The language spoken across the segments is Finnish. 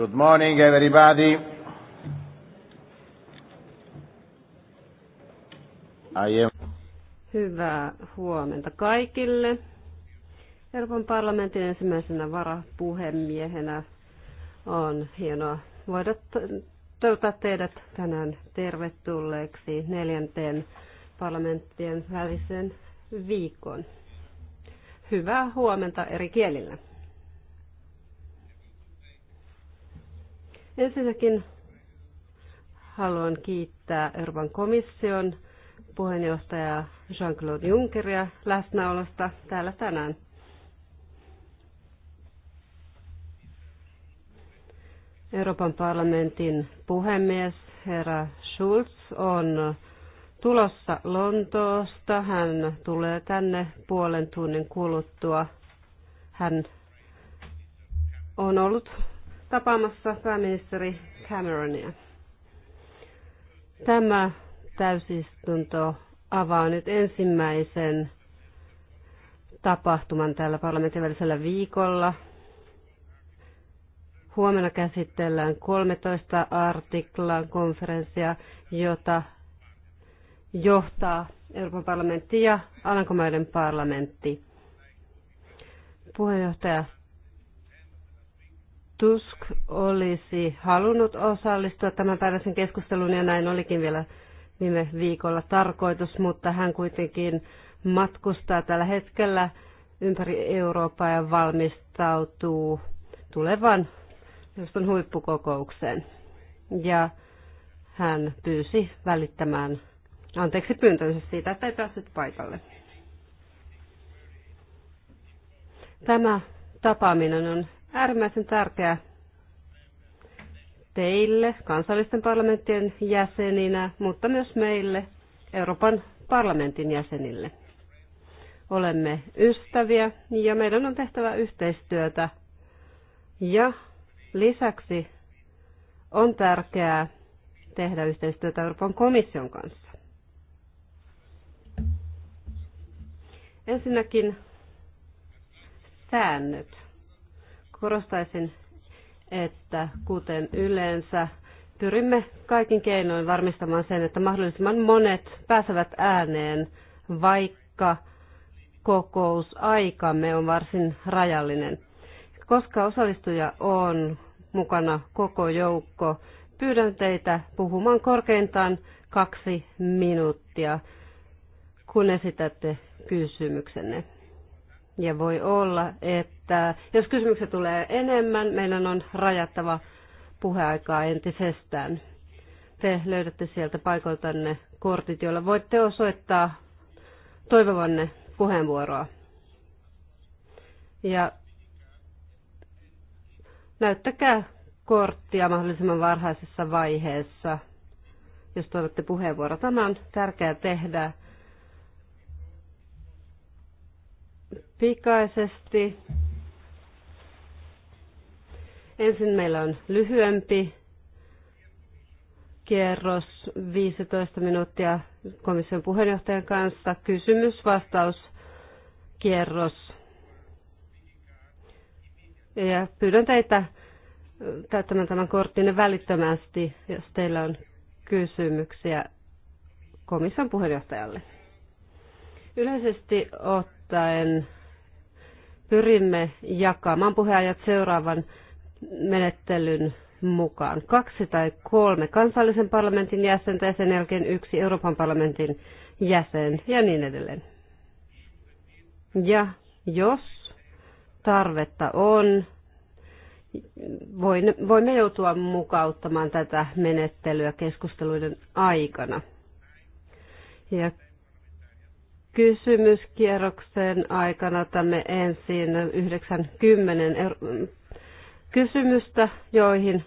Good morning, everybody. I am... Hyvää huomenta kaikille. Euroopan parlamentin ensimmäisenä varapuhemiehenä on hienoa voida toivottaa teidät tänään tervetulleeksi neljänteen parlamenttien välisen viikon. Hyvää huomenta eri kielillä. Ensinnäkin haluan kiittää Euroopan komission puheenjohtajaa Jean-Claude Junckeria läsnäolosta täällä tänään. Euroopan parlamentin puhemies herra Schulz on tulossa Lontoosta. Hän tulee tänne puolen tunnin kuluttua. Hän on ollut tapaamassa pääministeri Cameronia. Tämä täysistunto avaa nyt ensimmäisen tapahtuman tällä parlamentin välisellä viikolla. Huomenna käsitellään 13 artiklan konferenssia, jota johtaa Euroopan parlamentti ja Alankomaiden parlamentti. Puheenjohtaja Tusk olisi halunnut osallistua tämän päiväisen keskusteluun ja näin olikin vielä viime viikolla tarkoitus, mutta hän kuitenkin matkustaa tällä hetkellä ympäri Eurooppaa ja valmistautuu tulevan neuvoston huippukokoukseen. Ja hän pyysi välittämään anteeksi pyyntönsä siitä, että ei päässyt paikalle. Tämä tapaaminen on äärimmäisen tärkeä teille, kansallisten parlamenttien jäseninä, mutta myös meille, Euroopan parlamentin jäsenille. Olemme ystäviä ja meidän on tehtävä yhteistyötä. Ja lisäksi on tärkeää tehdä yhteistyötä Euroopan komission kanssa. Ensinnäkin säännöt. Korostaisin, että kuten yleensä, pyrimme kaikin keinoin varmistamaan sen, että mahdollisimman monet pääsevät ääneen, vaikka kokousaikamme on varsin rajallinen. Koska osallistuja on mukana koko joukko, pyydän teitä puhumaan korkeintaan kaksi minuuttia, kun esitätte kysymyksenne. Ja voi olla, että jos kysymyksiä tulee enemmän, meidän on rajattava puheaikaa entisestään. Te löydätte sieltä paikoiltanne kortit, joilla voitte osoittaa toivovanne puheenvuoroa. Ja näyttäkää korttia mahdollisimman varhaisessa vaiheessa, jos toivotte puheenvuoro. Tämä on tärkeää tehdä pikaisesti. Ensin meillä on lyhyempi kierros 15 minuuttia komission puheenjohtajan kanssa. Kysymys-vastaus kierros. Ja pyydän teitä täyttämään tämän korttinen välittömästi, jos teillä on kysymyksiä komission puheenjohtajalle. Yleisesti ottaen pyrimme jakamaan puheajat seuraavan menettelyn mukaan. Kaksi tai kolme kansallisen parlamentin jäsentä ja sen jälkeen yksi Euroopan parlamentin jäsen ja niin edelleen. Ja jos tarvetta on, voimme joutua mukauttamaan tätä menettelyä keskusteluiden aikana. Ja kysymyskierroksen aikana tänne ensin 90 kysymystä, joihin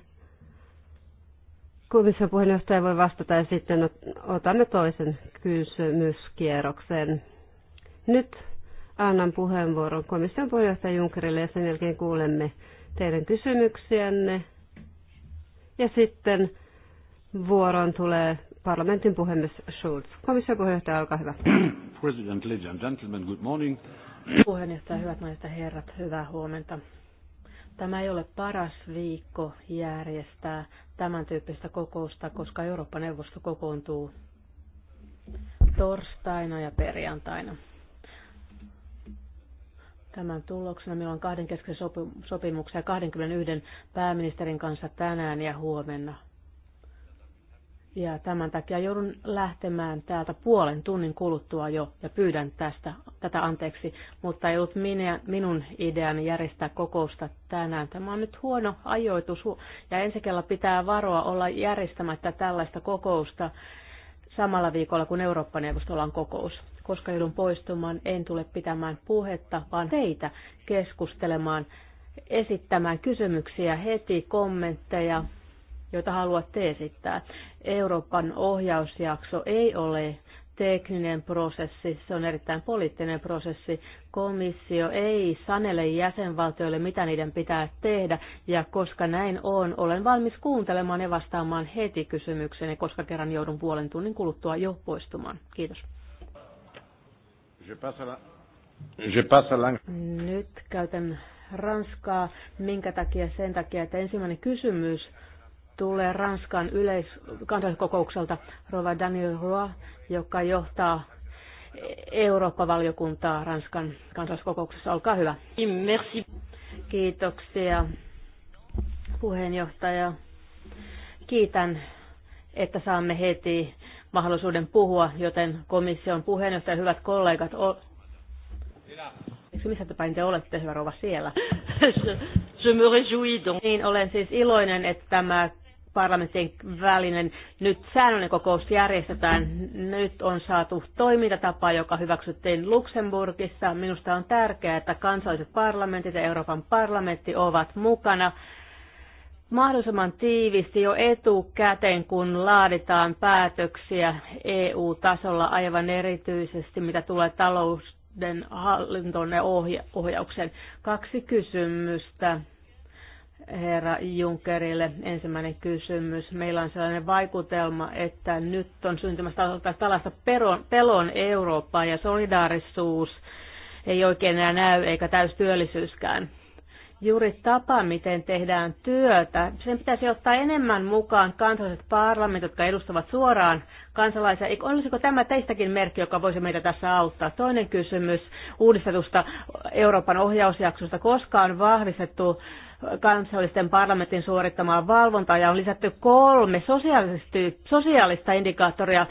komission puheenjohtaja voi vastata ja sitten otamme toisen kysymyskierroksen. Nyt annan puheenvuoron komission puheenjohtaja Junckerille ja sen jälkeen kuulemme teidän kysymyksiänne. Ja sitten vuoron tulee parlamentin puhemies Schulz. Komission puheenjohtaja, olkaa hyvä. President, ladies and gentlemen, good morning. Puheenjohtaja, hyvät naiset ja herrat, hyvää huomenta. Tämä ei ole paras viikko järjestää tämän tyyppistä kokousta, koska Eurooppa-neuvosto kokoontuu torstaina ja perjantaina. Tämän tuloksena meillä on kahden kesken sopimuksia 21 pääministerin kanssa tänään ja huomenna ja tämän takia joudun lähtemään täältä puolen tunnin kuluttua jo ja pyydän tästä, tätä anteeksi, mutta ei ollut minä, minun ideani järjestää kokousta tänään. Tämä on nyt huono ajoitus ja ensi kerralla pitää varoa olla järjestämättä tällaista kokousta samalla viikolla, kun Eurooppa-neuvostolla on kokous. Koska joudun poistumaan, en tule pitämään puhetta, vaan teitä keskustelemaan, esittämään kysymyksiä heti, kommentteja, joita haluatte esittää. Euroopan ohjausjakso ei ole tekninen prosessi, se on erittäin poliittinen prosessi. Komissio ei sanele jäsenvaltioille, mitä niiden pitää tehdä, ja koska näin on, olen valmis kuuntelemaan ja vastaamaan heti kysymykseen, koska kerran joudun puolen tunnin kuluttua jo poistumaan. Kiitos. Nyt käytän Ranskaa. Minkä takia? Sen takia, että ensimmäinen kysymys tulee Ranskan yleis- Rova Daniel Roy, joka johtaa Eurooppa-valiokuntaa Ranskan kansalliskokouksessa. Olkaa hyvä. Merci. Kiitoksia puheenjohtaja. Kiitän, että saamme heti mahdollisuuden puhua, joten komission puheenjohtaja, hyvät kollegat, o- missä te päin te olette, hyvä rouva, siellä? Je me réjouis donc. Niin, olen siis iloinen, että tämä parlamenttien välinen nyt säännöllinen kokous järjestetään. Nyt on saatu toimintatapa, joka hyväksyttiin Luxemburgissa. Minusta on tärkeää, että kansalliset parlamentit ja Euroopan parlamentti ovat mukana mahdollisimman tiivisti jo etukäteen, kun laaditaan päätöksiä EU-tasolla aivan erityisesti, mitä tulee talouden hallintoon ja ohjaukseen. Kaksi kysymystä herra Junckerille ensimmäinen kysymys. Meillä on sellainen vaikutelma, että nyt on syntymässä tällaista pelon Eurooppaa ja solidaarisuus ei oikein enää näy eikä täystyöllisyyskään. Juuri tapa, miten tehdään työtä, sen pitäisi ottaa enemmän mukaan kansalliset parlamentit, jotka edustavat suoraan kansalaisia. Olisiko tämä teistäkin merkki, joka voisi meitä tässä auttaa? Toinen kysymys uudistetusta Euroopan ohjausjaksosta. Koska on vahvistettu kansallisten parlamentin suorittamaa valvontaa ja on lisätty kolme sosiaalista indikaattoria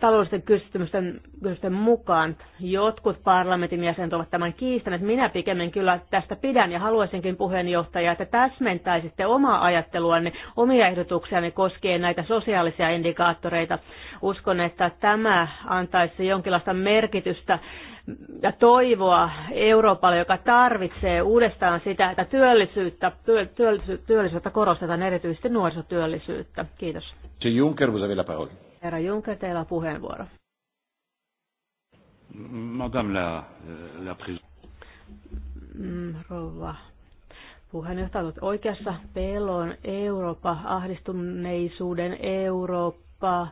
taloudellisten kysymysten, kysymysten mukaan. Jotkut parlamentin jäsenet ovat tämän kiistäneet. Minä pikemmin kyllä tästä pidän ja haluaisinkin puheenjohtaja, että täsmentäisitte omaa ajatteluanne, omia ehdotuksianne koskien näitä sosiaalisia indikaattoreita. Uskon, että tämä antaisi jonkinlaista merkitystä ja toivoa Euroopalle, joka tarvitsee uudestaan sitä, että työllisyyttä, työllisy, työllisyyttä korostetaan erityisesti nuorisotyöllisyyttä. Kiitos. Se Juncker, vous avez la Herra Juncker, teillä on puheenvuoro. Madame la, euh, la présidente. Mm, rouva puheenjohtaja, olet oikeassa. Pelon Eurooppa, ahdistuneisuuden Eurooppa,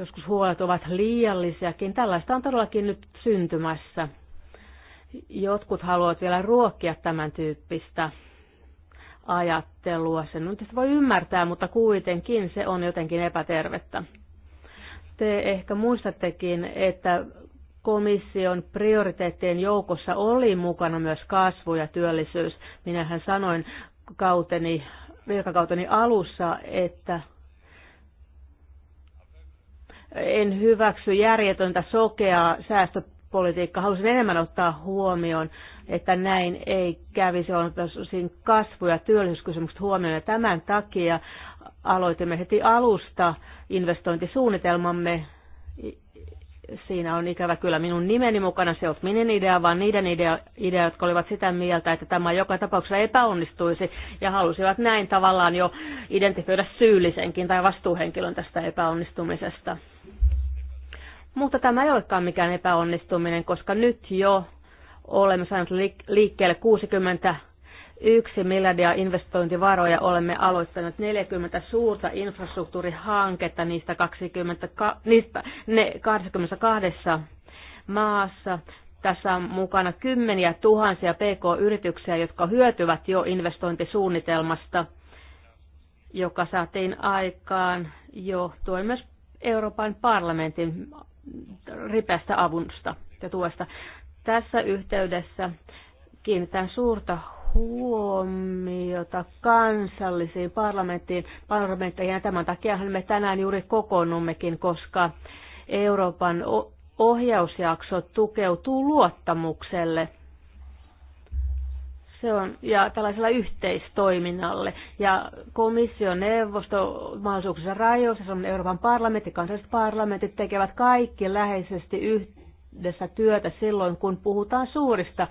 joskus huolet ovat liiallisiakin. Tällaista on todellakin nyt syntymässä. Jotkut haluavat vielä ruokkia tämän tyyppistä ajattelua. Sen nyt voi ymmärtää, mutta kuitenkin se on jotenkin epätervettä. Te ehkä muistattekin, että komission prioriteettien joukossa oli mukana myös kasvu ja työllisyys. Minähän sanoin kauteni, virkakauteni alussa, että en hyväksy järjetöntä sokeaa säästöpolitiikkaa. Haluaisin enemmän ottaa huomioon, että näin ei kävisi, on tosin kasvu- ja työllisyyskysymykset huomioon. Ja tämän takia aloitimme heti alusta investointisuunnitelmamme. Siinä on ikävä kyllä minun nimeni mukana, se on minun idea, vaan niiden idea, idea, jotka olivat sitä mieltä, että tämä joka tapauksessa epäonnistuisi ja halusivat näin tavallaan jo identifioida syyllisenkin tai vastuuhenkilön tästä epäonnistumisesta. Mutta tämä ei olekaan mikään epäonnistuminen, koska nyt jo olemme saaneet liikkeelle 60 miljardia investointivaroja olemme aloittaneet 40 suurta infrastruktuurihanketta, niistä, 20, niistä ne 22 maassa. Tässä on mukana kymmeniä tuhansia pk-yrityksiä, jotka hyötyvät jo investointisuunnitelmasta, joka saatiin aikaan johtuen myös Euroopan parlamentin ripeästä avusta ja tuosta Tässä yhteydessä kiinnitän suurta huomiota kansallisiin parlamenttiin, parlamentteihin. Ja tämän takiahan me tänään juuri kokoonnummekin, koska Euroopan ohjausjakso tukeutuu luottamukselle – se on, ja tällaisella yhteistoiminnalle. Ja komission neuvosto mahdollisuuksissa rajoissa, se on Euroopan parlamentti, kansalliset parlamentit tekevät kaikki läheisesti yhdessä työtä silloin, kun puhutaan suurista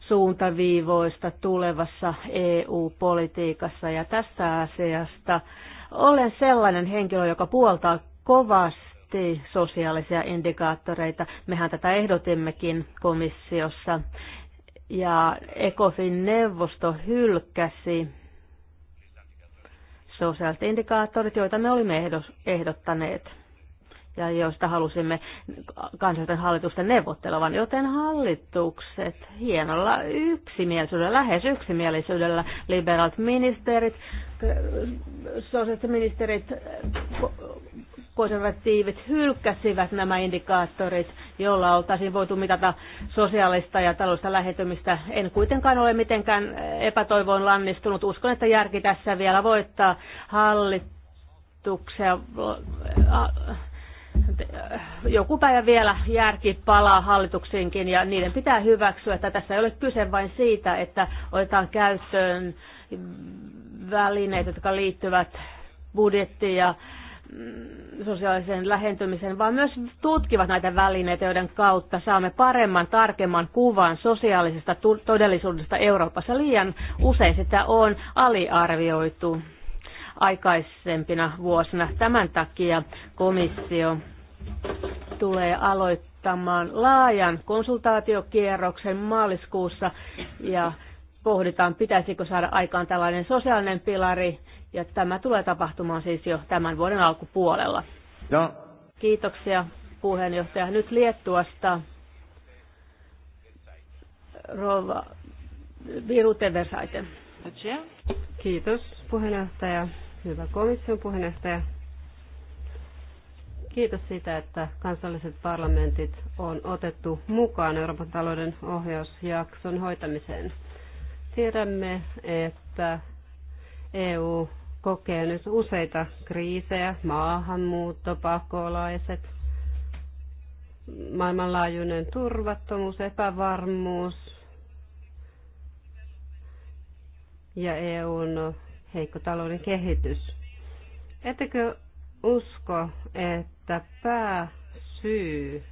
suuntaviivoista tulevassa EU-politiikassa. Ja tässä asiasta olen sellainen henkilö, joka puoltaa kovasti sosiaalisia indikaattoreita. Mehän tätä ehdotimmekin komissiossa ja ECOFIN neuvosto hylkäsi sosiaaliset indikaattorit, joita me olimme ehdottaneet ja joista halusimme kansallisten hallitusten neuvottelevan, joten hallitukset hienolla yksimielisyydellä, lähes yksimielisyydellä, liberaalit ministerit, sosiaaliset ministerit, konservatiivit hylkäsivät nämä indikaattorit, joilla oltaisiin voitu mitata sosiaalista ja taloudellista lähetymistä. En kuitenkaan ole mitenkään epätoivoon lannistunut. Uskon, että järki tässä vielä voittaa hallituksia. Äh, äh, joku päivä vielä järki palaa hallituksiinkin ja niiden pitää hyväksyä, että tässä ei ole kyse vain siitä, että otetaan käyttöön välineet, jotka liittyvät budjettiin ja Mm, sosiaalisen lähentymisen, vaan myös tutkivat näitä välineitä, joiden kautta saamme paremman, tarkemman kuvan sosiaalisesta todellisuudesta Euroopassa. Liian usein sitä on aliarvioitu aikaisempina vuosina. Tämän takia komissio tulee aloittamaan laajan konsultaatiokierroksen maaliskuussa ja pohditaan, pitäisikö saada aikaan tällainen sosiaalinen pilari, ja tämä tulee tapahtumaan siis jo tämän vuoden alkupuolella. Ja. Kiitoksia puheenjohtaja. Nyt Liettuasta Rova Virute Versaite. Kiitos puheenjohtaja. Hyvä komission puheenjohtaja. Kiitos siitä, että kansalliset parlamentit on otettu mukaan Euroopan talouden ohjausjakson hoitamiseen. Tiedämme, että EU kokee nyt useita kriisejä, maahanmuutto, pakolaiset, maailmanlaajuinen turvattomuus, epävarmuus ja EUn heikko talouden kehitys. Ettekö usko, että pääsyy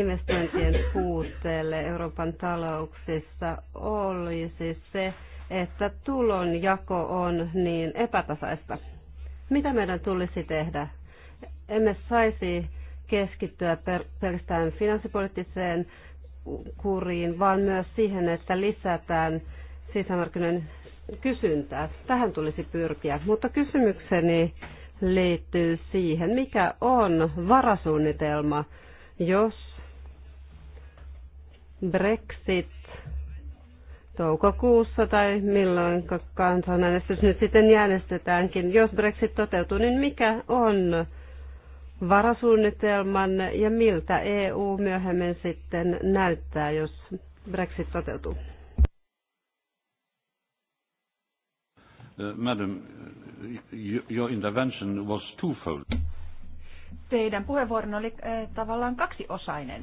investointien puutteelle Euroopan talouksissa oli siis se, että tulonjako on niin epätasaista. Mitä meidän tulisi tehdä? Emme saisi keskittyä pelkästään finanssipoliittiseen kuriin, vaan myös siihen, että lisätään sisämarkkinoiden kysyntää. Tähän tulisi pyrkiä. Mutta kysymykseni liittyy siihen, mikä on varasuunnitelma, jos Brexit toukokuussa tai milloin kansanäänestys nyt sitten jäänestetäänkin. Jos Brexit toteutuu, niin mikä on varasuunnitelman ja miltä EU myöhemmin sitten näyttää, jos Brexit toteutuu? Uh, madam, your intervention was twofold. Teidän puheenvuoron oli eh, tavallaan kaksiosainen.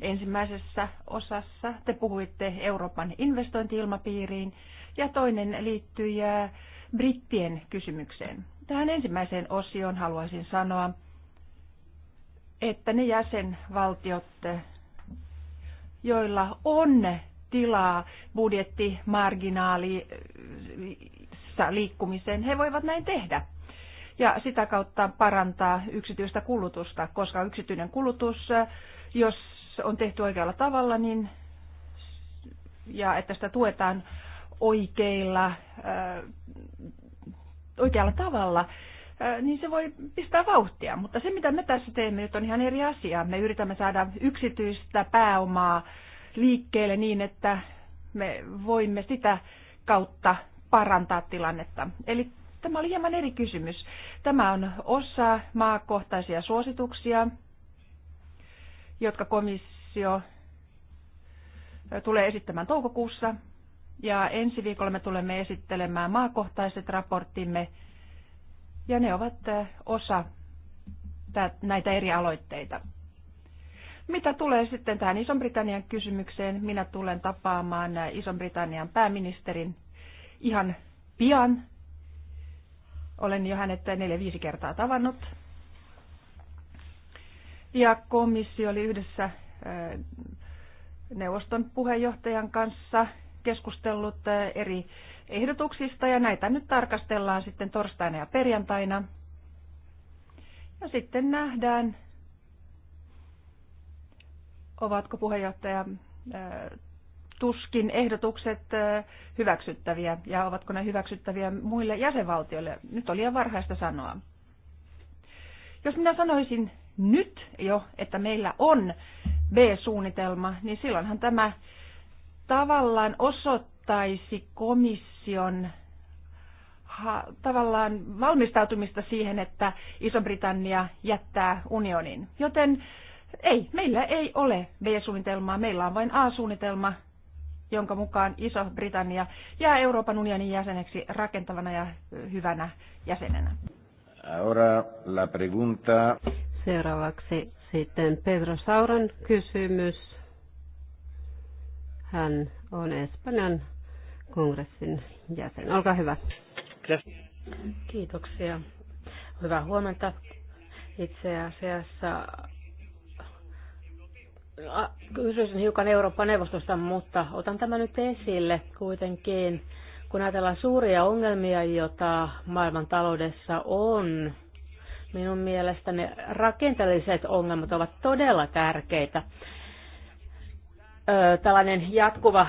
Ensimmäisessä osassa te puhuitte Euroopan investointiilmapiiriin ja toinen liittyy äh, brittien kysymykseen. Tähän ensimmäiseen osioon haluaisin sanoa, että ne jäsenvaltiot, joilla on tilaa budjettimarginaalissa liikkumiseen, he voivat näin tehdä. Ja sitä kautta parantaa yksityistä kulutusta, koska yksityinen kulutus, jos on tehty oikealla tavalla niin, ja että sitä tuetaan oikeilla, äh, oikealla tavalla, äh, niin se voi pistää vauhtia. Mutta se, mitä me tässä teemme nyt, on ihan eri asia. Me yritämme saada yksityistä pääomaa liikkeelle niin, että me voimme sitä kautta parantaa tilannetta. Eli tämä oli hieman eri kysymys. Tämä on osa maakohtaisia suosituksia, jotka komissio tulee esittämään toukokuussa. Ja ensi viikolla me tulemme esittelemään maakohtaiset raporttimme, ja ne ovat osa näitä eri aloitteita. Mitä tulee sitten tähän iso britannian kysymykseen, minä tulen tapaamaan iso britannian pääministerin ihan pian. Olen jo hänet neljä-viisi kertaa tavannut ja komissio oli yhdessä äh, neuvoston puheenjohtajan kanssa keskustellut äh, eri ehdotuksista ja näitä nyt tarkastellaan sitten torstaina ja perjantaina. Ja sitten nähdään, ovatko puheenjohtaja äh, Tuskin ehdotukset hyväksyttäviä ja ovatko ne hyväksyttäviä muille jäsenvaltioille. Nyt oli liian varhaista sanoa. Jos minä sanoisin nyt jo, että meillä on B-suunnitelma, niin silloinhan tämä tavallaan osoittaisi komission ha, tavallaan valmistautumista siihen, että Iso-Britannia jättää unionin. Joten ei, meillä ei ole B-suunnitelmaa, meillä on vain A-suunnitelma, jonka mukaan Iso-Britannia jää Euroopan unionin jäseneksi rakentavana ja hyvänä jäsenenä. Ahora la pregunta. Seuraavaksi sitten Pedro Sauran kysymys. Hän on Espanjan kongressin jäsen. Olkaa hyvä. Kiitoksia. Hyvää huomenta. Itse asiassa kysyisin hiukan Euroopan neuvostosta, mutta otan tämän nyt esille kuitenkin kun ajatellaan suuria ongelmia, joita maailman taloudessa on, minun mielestäni rakenteelliset ongelmat ovat todella tärkeitä. Tällainen jatkuva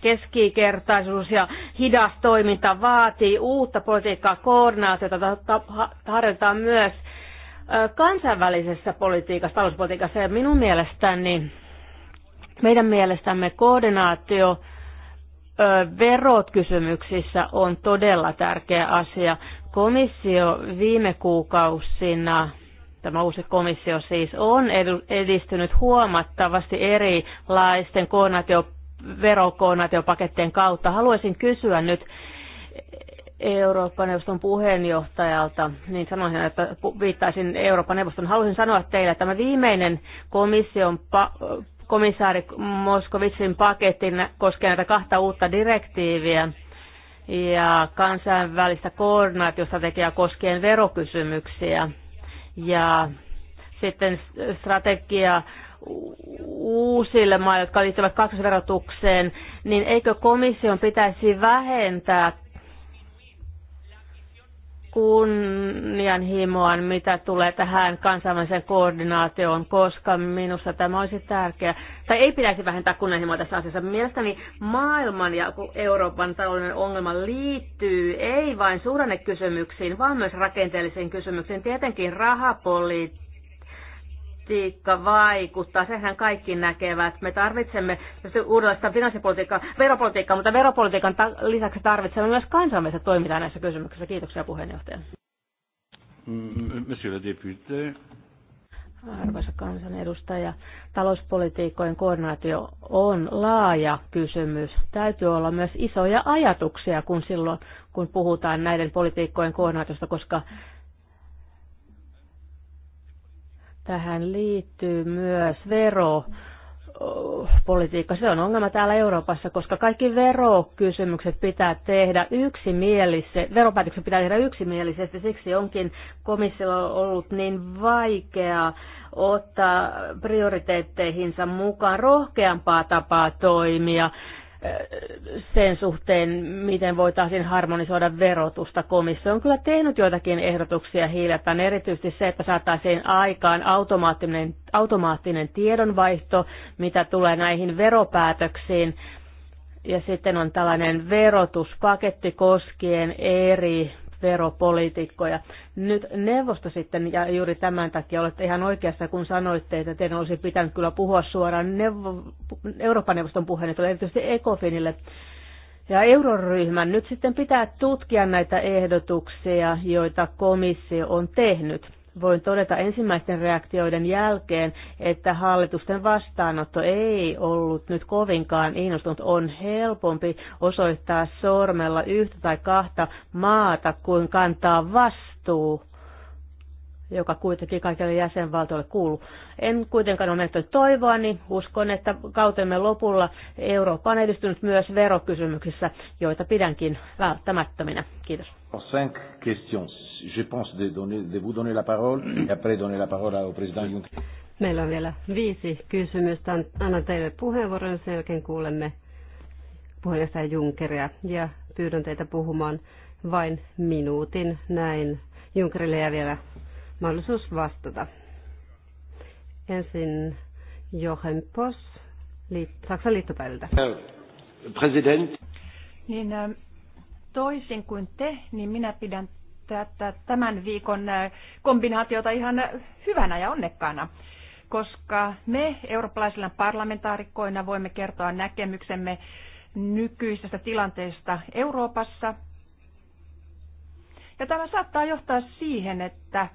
keskikertaisuus ja hidas toiminta vaatii uutta politiikkaa koordinaatiota, tarjotaan myös kansainvälisessä politiikassa, talouspolitiikassa. Ja minun mielestäni meidän mielestämme koordinaatio verot kysymyksissä on todella tärkeä asia. Komissio viime kuukausina tämä uusi komissio siis on edistynyt huomattavasti erilaisten koordinaatio, verokoordinaatiopakettien kautta. Haluaisin kysyä nyt Euroopan neuvoston puheenjohtajalta, niin sanoisin, että viittaisin Euroopan neuvoston. Haluaisin sanoa teille, että tämä viimeinen komission pa- komissaari Moskovitsin paketin koskee näitä kahta uutta direktiiviä ja kansainvälistä koordinaatiostrategiaa koskien verokysymyksiä ja sitten strategia uusille maille, jotka liittyvät kaksoisverotukseen, niin eikö komission pitäisi vähentää kunnianhimoan, mitä tulee tähän kansainväliseen koordinaatioon, koska minusta tämä olisi tärkeää. Tai ei pitäisi vähentää kunnianhimoa tässä asiassa. Mielestäni maailman ja Euroopan talouden ongelma liittyy ei vain suhdannekysymyksiin, vaan myös rakenteellisiin kysymyksiin. Tietenkin rahapolitiikkaan politiikka vaikuttaa, sehän kaikki näkevät. Me tarvitsemme uudenlaista finanssipolitiikkaa, veropolitiikkaa, mutta veropolitiikan lisäksi tarvitsemme myös kansainvälistä toimintaa näissä kysymyksissä. Kiitoksia puheenjohtaja. Monsieur le député. Arvoisa kansanedustaja, talouspolitiikkojen koordinaatio on laaja kysymys. Täytyy olla myös isoja ajatuksia, kun silloin kun puhutaan näiden politiikkojen koordinaatiosta, koska Tähän liittyy myös vero politiikka, se on ongelma täällä Euroopassa, koska kaikki verokysymykset pitää tehdä yksimielisesti, veropäätökset pitää tehdä yksimielisesti, siksi onkin komissiolla ollut niin vaikea ottaa prioriteetteihinsa mukaan rohkeampaa tapaa toimia sen suhteen, miten voitaisiin harmonisoida verotusta. Komissio on kyllä tehnyt joitakin ehdotuksia hiljattain, erityisesti se, että saataisiin aikaan automaattinen, automaattinen tiedonvaihto, mitä tulee näihin veropäätöksiin. Ja sitten on tällainen verotuspaketti koskien eri veropolitiikkoja. Nyt neuvosto sitten, ja juuri tämän takia olette ihan oikeassa, kun sanoitte, että teidän olisi pitänyt kyllä puhua suoraan neuvo, Euroopan neuvoston että erityisesti ECOFINille, ja euroryhmän nyt sitten pitää tutkia näitä ehdotuksia, joita komissio on tehnyt voin todeta ensimmäisten reaktioiden jälkeen, että hallitusten vastaanotto ei ollut nyt kovinkaan innostunut. On helpompi osoittaa sormella yhtä tai kahta maata kuin kantaa vastuu joka kuitenkin kaikille jäsenvaltioille kuuluu. En kuitenkaan ole menettänyt toivoa, niin uskon, että kautemme lopulla Eurooppa on edistynyt myös verokysymyksissä, joita pidänkin välttämättöminä. Kiitos. Meillä on vielä viisi kysymystä. Annan teille puheenvuoron, sen jälkeen kuulemme puheenjohtaja Junckeria ja pyydän teitä puhumaan vain minuutin. Näin Junckerille jää vielä mahdollisuus vastata. Ensin Jochen Pos, Saksan liittopäiviltä. President. Niin, äh, toisin kuin te, niin minä pidän tätä, tämän viikon äh, kombinaatiota ihan hyvänä ja onnekkaana, koska me eurooppalaisilla parlamentaarikkoina voimme kertoa näkemyksemme nykyisestä tilanteesta Euroopassa. Ja tämä saattaa johtaa siihen, että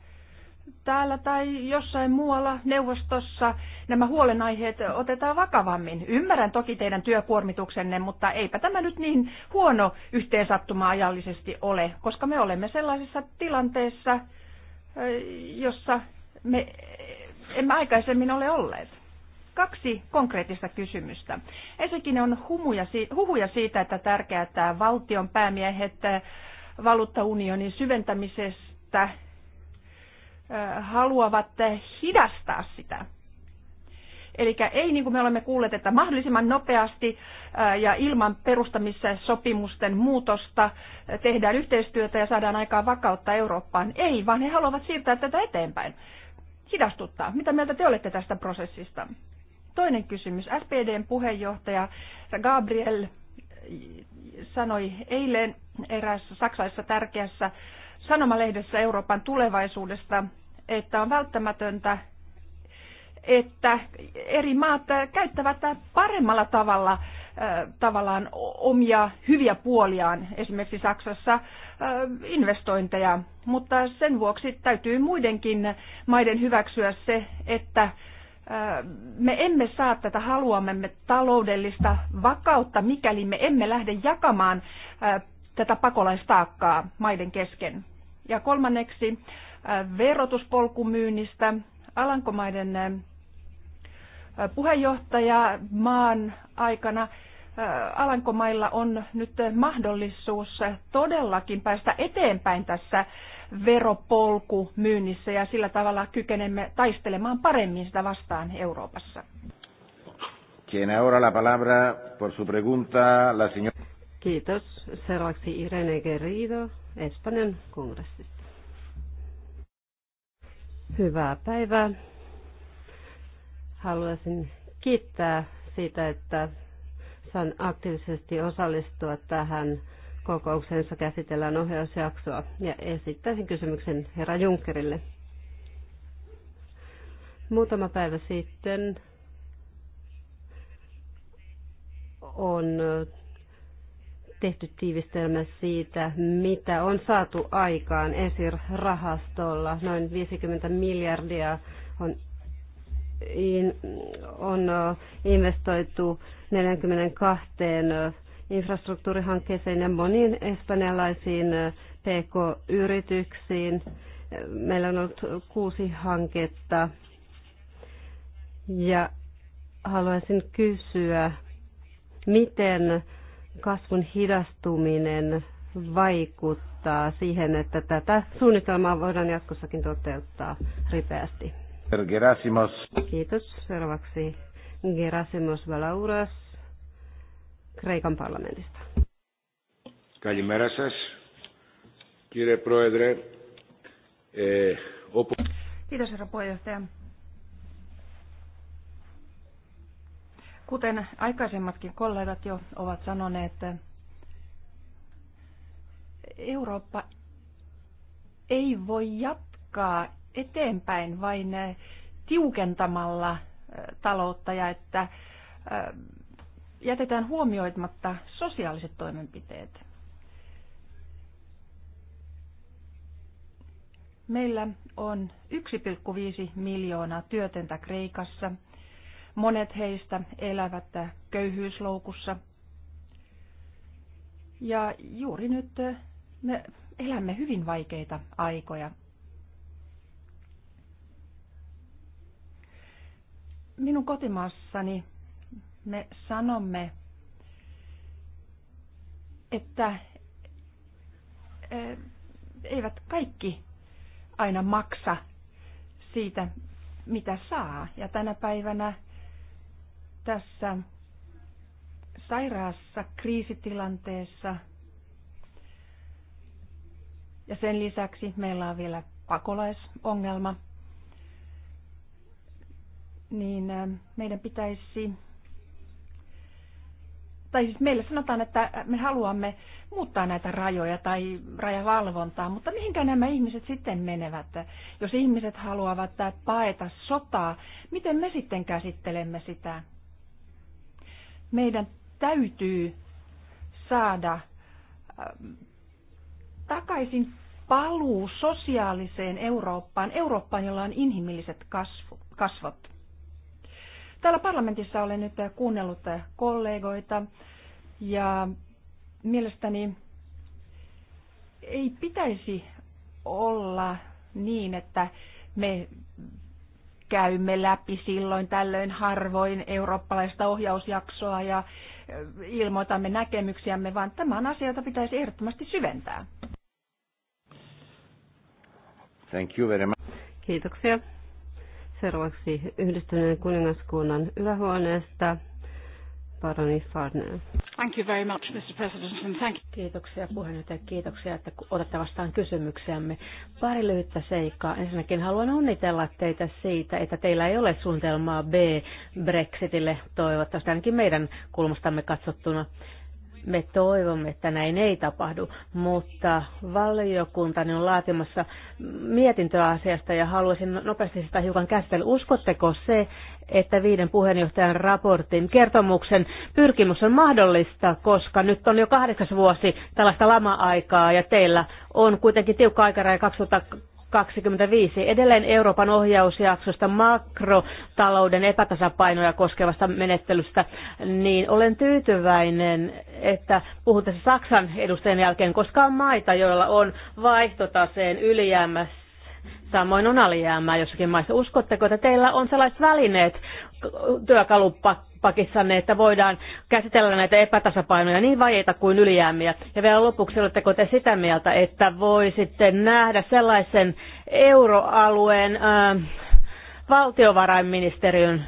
täällä tai jossain muualla neuvostossa nämä huolenaiheet otetaan vakavammin. Ymmärrän toki teidän työkuormituksenne, mutta eipä tämä nyt niin huono yhteensattuma ajallisesti ole, koska me olemme sellaisessa tilanteessa, jossa me emme aikaisemmin ole olleet. Kaksi konkreettista kysymystä. Ensinnäkin on humuja, huhuja siitä, että tärkeää että valtion päämiehet valuuttaunionin syventämisestä haluavat hidastaa sitä. Eli ei niin kuin me olemme kuulleet, että mahdollisimman nopeasti ja ilman sopimusten muutosta tehdään yhteistyötä ja saadaan aikaa vakautta Eurooppaan. Ei, vaan he haluavat siirtää tätä eteenpäin. Hidastuttaa. Mitä mieltä te olette tästä prosessista? Toinen kysymys. SPDn puheenjohtaja Gabriel sanoi eilen eräässä Saksaissa tärkeässä sanomalehdessä Euroopan tulevaisuudesta, että on välttämätöntä, että eri maat käyttävät paremmalla tavalla tavallaan omia hyviä puoliaan, esimerkiksi Saksassa investointeja, mutta sen vuoksi täytyy muidenkin maiden hyväksyä se, että me emme saa tätä haluamme taloudellista vakautta, mikäli me emme lähde jakamaan tätä pakolaistaakkaa maiden kesken. Ja kolmanneksi äh, verotuspolkumyynnistä. Alankomaiden äh, puheenjohtaja maan aikana äh, Alankomailla on nyt mahdollisuus todellakin päästä eteenpäin tässä veropolkumyynnissä ja sillä tavalla kykenemme taistelemaan paremmin sitä vastaan Euroopassa. Tiene ahora la palabra por su pregunta la señora. Kiitos. Seuraavaksi Irene Gerido Espanjan kongressista. Hyvää päivää. Haluaisin kiittää siitä, että saan aktiivisesti osallistua tähän jossa käsitellään ohjausjaksoa ja esittäisin kysymyksen herra Junckerille. Muutama päivä sitten on tehty tiivistelmä siitä, mitä on saatu aikaan ESIR-rahastolla. Noin 50 miljardia on, in, on investoitu 42 infrastruktuurihankkeeseen ja moniin espanjalaisiin PK-yrityksiin. Meillä on ollut kuusi hanketta ja haluaisin kysyä, miten kasvun hidastuminen vaikuttaa siihen, että tätä suunnitelmaa voidaan jatkossakin toteuttaa ripeästi. Gerasimos. Kiitos. Seuraavaksi Gerasimos Valauras Kreikan parlamentista. Καλημέρα σας, eh, Kiitos, herra puheenjohtaja. Kuten aikaisemmatkin kollegat jo ovat sanoneet, Eurooppa ei voi jatkaa eteenpäin vain tiukentamalla taloutta ja että jätetään huomioimatta sosiaaliset toimenpiteet. Meillä on 1,5 miljoonaa työtöntä Kreikassa – Monet heistä elävät köyhyysloukussa. Ja juuri nyt eh, me elämme hyvin vaikeita aikoja. Minun kotimaassani me sanomme, että eh, eivät kaikki aina maksa siitä, mitä saa. Ja tänä päivänä tässä sairaassa kriisitilanteessa ja sen lisäksi meillä on vielä pakolaisongelma, niin äh, meidän pitäisi tai siis meille sanotaan, että me haluamme muuttaa näitä rajoja tai rajavalvontaa, mutta mihinkä nämä ihmiset sitten menevät? Jos ihmiset haluavat äh, paeta sotaa, miten me sitten käsittelemme sitä? meidän täytyy saada ähm, takaisin paluu sosiaaliseen Eurooppaan, Eurooppaan, jolla on inhimilliset kasvot. Täällä parlamentissa olen nyt kuunnellut kollegoita ja mielestäni ei pitäisi olla niin, että me käymme läpi silloin tällöin harvoin eurooppalaista ohjausjaksoa ja ilmoitamme näkemyksiämme, vaan tämä on asia, jota pitäisi ehdottomasti syventää. Thank you very much. Kiitoksia. Seuraavaksi yhdistyneen kuningaskunnan ylähuoneesta Baroni Farner. Thank you very much, Mr. President, and thank you. Kiitoksia puheenjohtaja, kiitoksia, että otatte vastaan kysymyksiämme. Pari lyhyttä seikkaa. Ensinnäkin haluan onnitella teitä siitä, että teillä ei ole suunnitelmaa B Brexitille toivottavasti ainakin meidän kulmastamme katsottuna. Me toivomme, että näin ei tapahdu, mutta valiokunta on laatimassa mietintöä asiasta ja haluaisin nopeasti sitä hiukan käsitellä. Uskotteko se, että viiden puheenjohtajan raportin kertomuksen pyrkimys on mahdollista, koska nyt on jo kahdeksas vuosi tällaista lama-aikaa ja teillä on kuitenkin tiukka aikaraja 2000 25. Edelleen Euroopan ohjausjaksosta makrotalouden epätasapainoja koskevasta menettelystä, niin olen tyytyväinen, että puhun tässä Saksan edustajan jälkeen, koska on maita, joilla on vaihtotaseen ylijäämässä Samoin on alijäämää jossakin maissa. Uskotteko, että teillä on sellaiset välineet työkalupakissanne, että voidaan käsitellä näitä epätasapainoja niin vajeita kuin ylijäämiä? Ja vielä lopuksi, oletteko te sitä mieltä, että voisitte nähdä sellaisen euroalueen äh, valtiovarainministeriön,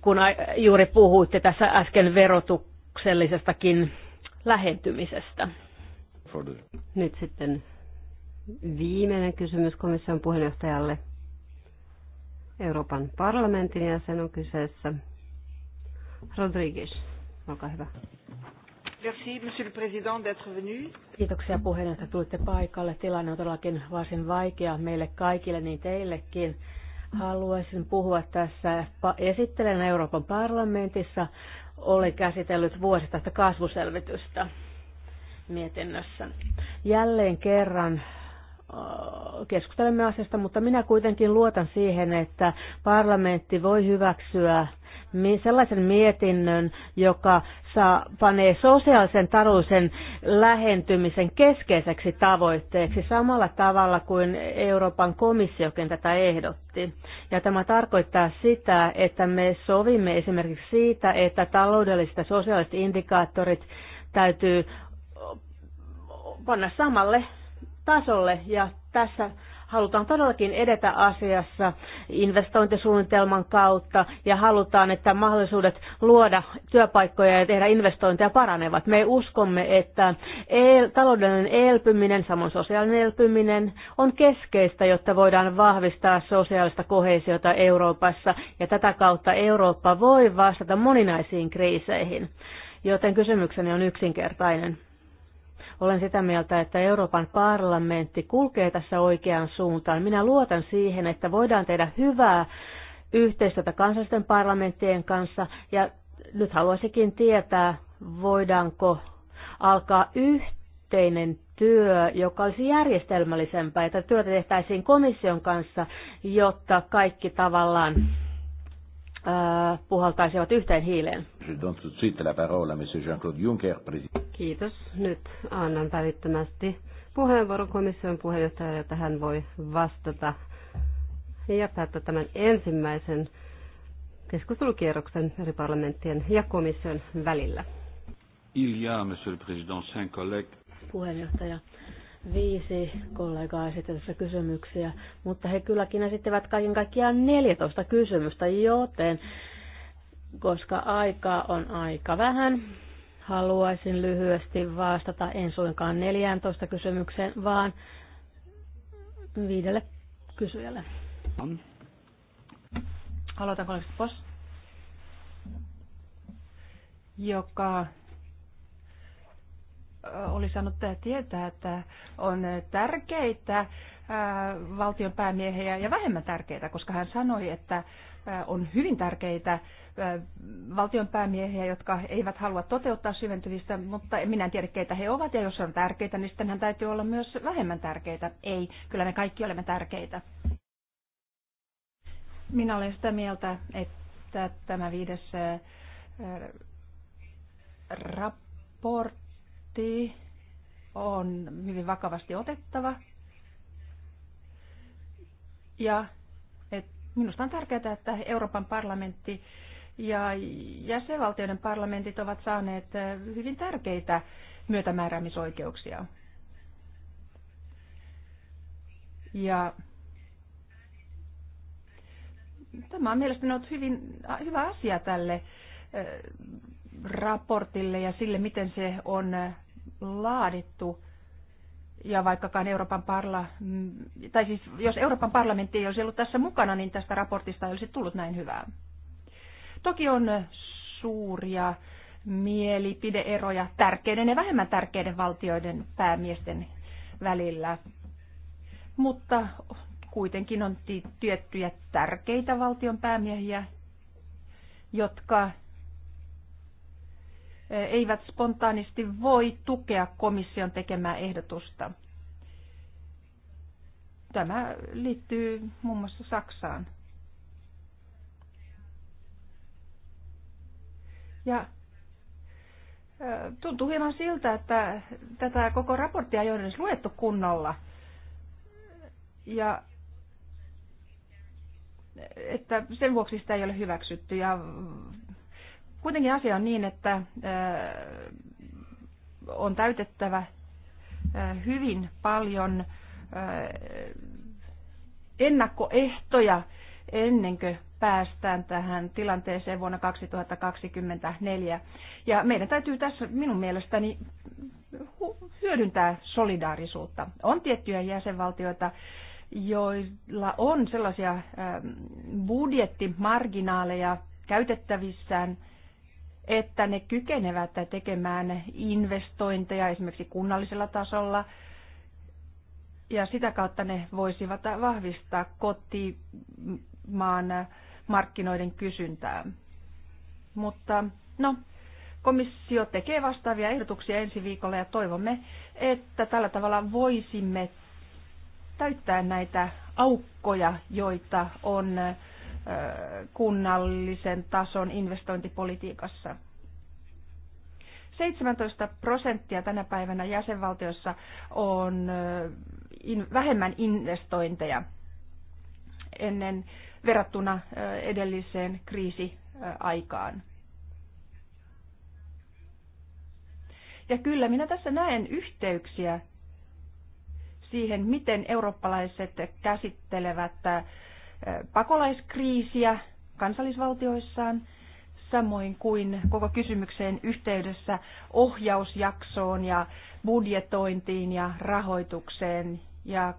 kun juuri puhuitte tässä äsken verotuksellisestakin lähentymisestä? Nyt sitten viimeinen kysymys komission puheenjohtajalle. Euroopan parlamentin jäsen on kyseessä. Rodriguez, olkaa hyvä. Merci, monsieur le président, d'être venu. Kiitoksia puheenjohtaja, että tulitte paikalle. Tilanne on todellakin varsin vaikea meille kaikille, niin teillekin. Haluaisin puhua tässä esittelen Euroopan parlamentissa. Olen käsitellyt vuosittaista kasvuselvitystä mietinnössä. Jälleen kerran keskustelemme asiasta, mutta minä kuitenkin luotan siihen, että parlamentti voi hyväksyä sellaisen mietinnön, joka saa, panee sosiaalisen taloudellisen lähentymisen keskeiseksi tavoitteeksi samalla tavalla kuin Euroopan komissiokin tätä ehdotti. Ja tämä tarkoittaa sitä, että me sovimme esimerkiksi siitä, että taloudelliset ja sosiaaliset indikaattorit täytyy panna samalle tasolle ja tässä halutaan todellakin edetä asiassa investointisuunnitelman kautta ja halutaan, että mahdollisuudet luoda työpaikkoja ja tehdä investointeja paranevat. Me uskomme, että taloudellinen elpyminen, samoin sosiaalinen elpyminen on keskeistä, jotta voidaan vahvistaa sosiaalista kohesiota Euroopassa ja tätä kautta Eurooppa voi vastata moninaisiin kriiseihin. Joten kysymykseni on yksinkertainen. Olen sitä mieltä, että Euroopan parlamentti kulkee tässä oikeaan suuntaan. Minä luotan siihen, että voidaan tehdä hyvää yhteistyötä kansallisten parlamenttien kanssa. Ja nyt haluaisikin tietää, voidaanko alkaa yhteinen työ, joka olisi järjestelmällisempää, että työtä tehtäisiin komission kanssa, jotta kaikki tavallaan Äh, puhaltaisivat yhteen hiileen. Kiitos. Nyt annan välittömästi puheenvuoron komission puheenjohtajalle, jotta hän voi vastata ja päättää tämän ensimmäisen keskustelukierroksen eri parlamenttien ja komission välillä. Il y a, monsieur le président, cinq collègues. Puheenjohtaja, viisi kollegaa esittämässä kysymyksiä, mutta he kylläkin esittivät kaiken kaikkiaan 14 kysymystä, joten koska aikaa on aika vähän, haluaisin lyhyesti vastata en suinkaan 14 kysymykseen, vaan viidelle kysyjälle. Aloitan kollegas Pos, joka oli saanut tietää, että on tärkeitä valtion päämiehiä ja vähemmän tärkeitä, koska hän sanoi, että on hyvin tärkeitä valtion päämiehiä, jotka eivät halua toteuttaa syventyvistä, mutta minä en tiedä, keitä he ovat, ja jos on tärkeitä, niin sittenhän täytyy olla myös vähemmän tärkeitä. Ei, kyllä me kaikki olemme tärkeitä. Minä olen sitä mieltä, että tämä viides raportti raportti on hyvin vakavasti otettava. Ja et minusta on tärkeää, että Euroopan parlamentti ja jäsenvaltioiden parlamentit ovat saaneet hyvin tärkeitä myötämääräämisoikeuksia. Ja tämä on mielestäni ollut hyvin, hyvä asia tälle eh, raportille ja sille, miten se on laadittu ja vaikkakaan Euroopan parla, tai siis jos Euroopan parlamentti ei olisi ollut tässä mukana, niin tästä raportista ei olisi tullut näin hyvää. Toki on suuria mielipideeroja tärkeiden ja vähemmän tärkeiden valtioiden päämiesten välillä, mutta kuitenkin on tiettyjä tärkeitä valtion päämiehiä, jotka Eh, eivät spontaanisti voi tukea komission tekemää ehdotusta. Tämä liittyy muun muassa Saksaan. Ja eh, tuntuu hieman siltä, että tätä koko raporttia ei ole edes luettu kunnolla. Ja eh, että sen vuoksi sitä ei ole hyväksytty ja Kuitenkin asia on niin, että äh, on täytettävä äh, hyvin paljon äh, ennakkoehtoja ennen kuin päästään tähän tilanteeseen vuonna 2024. Ja meidän täytyy tässä minun mielestäni hyödyntää solidaarisuutta. On tiettyjä jäsenvaltioita, joilla on sellaisia ähm, budjettimarginaaleja käytettävissään – että ne kykenevät tekemään investointeja esimerkiksi kunnallisella tasolla ja sitä kautta ne voisivat vahvistaa kotimaan markkinoiden kysyntää. Mutta no, komissio tekee vastaavia ehdotuksia ensi viikolla ja toivomme, että tällä tavalla voisimme täyttää näitä aukkoja, joita on kunnallisen tason investointipolitiikassa. 17 prosenttia tänä päivänä jäsenvaltiossa on vähemmän investointeja ennen verrattuna edelliseen kriisiaikaan. Ja kyllä minä tässä näen yhteyksiä siihen, miten eurooppalaiset käsittelevät pakolaiskriisiä kansallisvaltioissaan, samoin kuin koko kysymykseen yhteydessä ohjausjaksoon ja budjetointiin ja rahoitukseen ja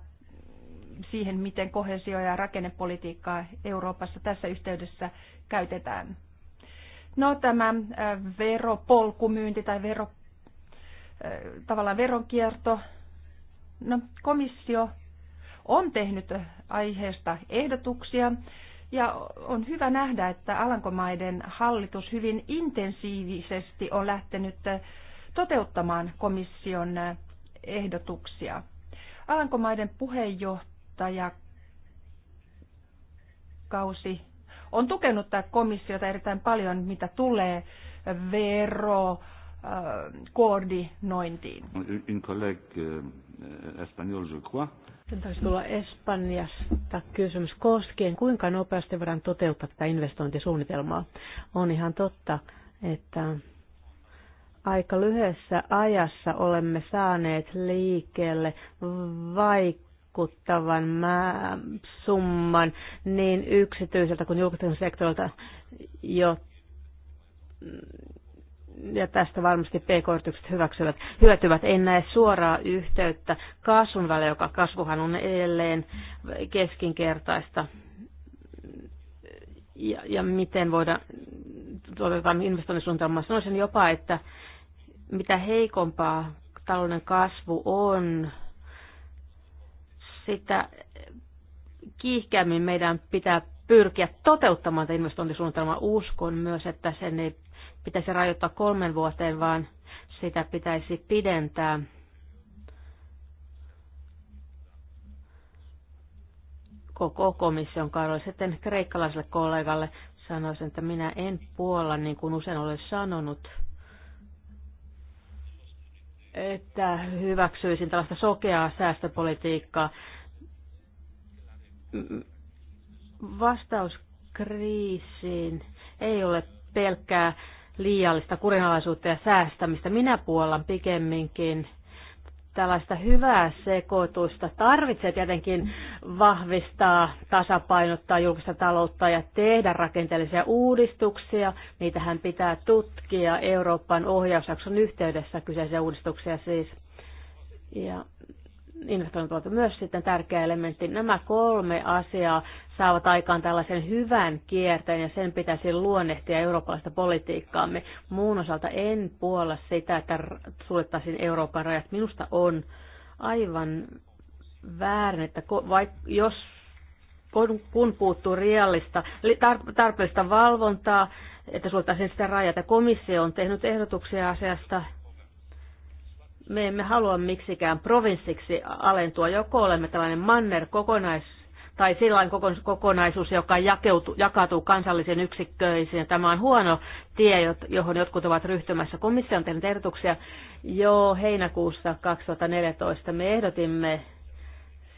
siihen, miten kohesio- ja rakennepolitiikkaa Euroopassa tässä yhteydessä käytetään. No tämä veropolkumyynti tai vero, tavallaan veronkierto. No komissio on tehnyt aiheesta ehdotuksia. Ja on hyvä nähdä, että Alankomaiden hallitus hyvin intensiivisesti on lähtenyt toteuttamaan komission ehdotuksia. Alankomaiden puheenjohtaja kausi on tukenut tätä komissiota erittäin paljon, mitä tulee vero äh, koordinointiin. Une collègue euh, je crois, sen taisi tulla Espanjasta kysymys koskien, kuinka nopeasti voidaan toteuttaa tätä investointisuunnitelmaa. On ihan totta, että aika lyhyessä ajassa olemme saaneet liikkeelle vaikuttavan summan niin yksityiseltä kuin julkiselta sektorilta, jo ja tästä varmasti pk-yritykset hyväksyvät, hyötyvät. En näe suoraa yhteyttä kasvun välillä, joka kasvuhan on edelleen keskinkertaista. Ja, ja miten voidaan, todetaan investointisuunnitelmaa, sanoisin jopa, että mitä heikompaa talouden kasvu on, sitä kiihkeämmin meidän pitää pyrkiä toteuttamaan tätä investointisuunnitelmaa. Uskon myös, että sen ei pitäisi rajoittaa kolmen vuoteen, vaan sitä pitäisi pidentää. koko komission kaudella. Sitten kreikkalaiselle kollegalle sanoisin, että minä en puolla, niin kuin usein olen sanonut, että hyväksyisin tällaista sokeaa säästöpolitiikkaa. Vastaus kriisiin ei ole pelkkää liiallista kurinalaisuutta ja säästämistä. Minä puolan pikemminkin tällaista hyvää sekoitusta. Tarvitsee tietenkin vahvistaa, tasapainottaa julkista taloutta ja tehdä rakenteellisia uudistuksia. Niitähän pitää tutkia Euroopan ohjausjakson yhteydessä kyseisiä uudistuksia siis. Ja investointipuolta myös sitten tärkeä elementti. Nämä kolme asiaa saavat aikaan tällaisen hyvän kierteen ja sen pitäisi luonnehtia eurooppalaista politiikkaamme. Muun osalta en puolla sitä, että suljettaisiin Euroopan rajat. Minusta on aivan väärin, että vaikka, jos kun puuttuu realista, tarpeellista valvontaa, että suljettaisiin sitä rajata. Komissio on tehnyt ehdotuksia asiasta me emme halua miksikään provinssiksi alentua. Joko olemme tällainen manner kokonais, tai silloin kokonaisuus, joka jakeutu, jakautuu kansallisiin yksikköihin. Tämä on huono tie, johon jotkut ovat ryhtymässä. Komissio on tehnyt ehdotuksia jo heinäkuussa 2014. Me ehdotimme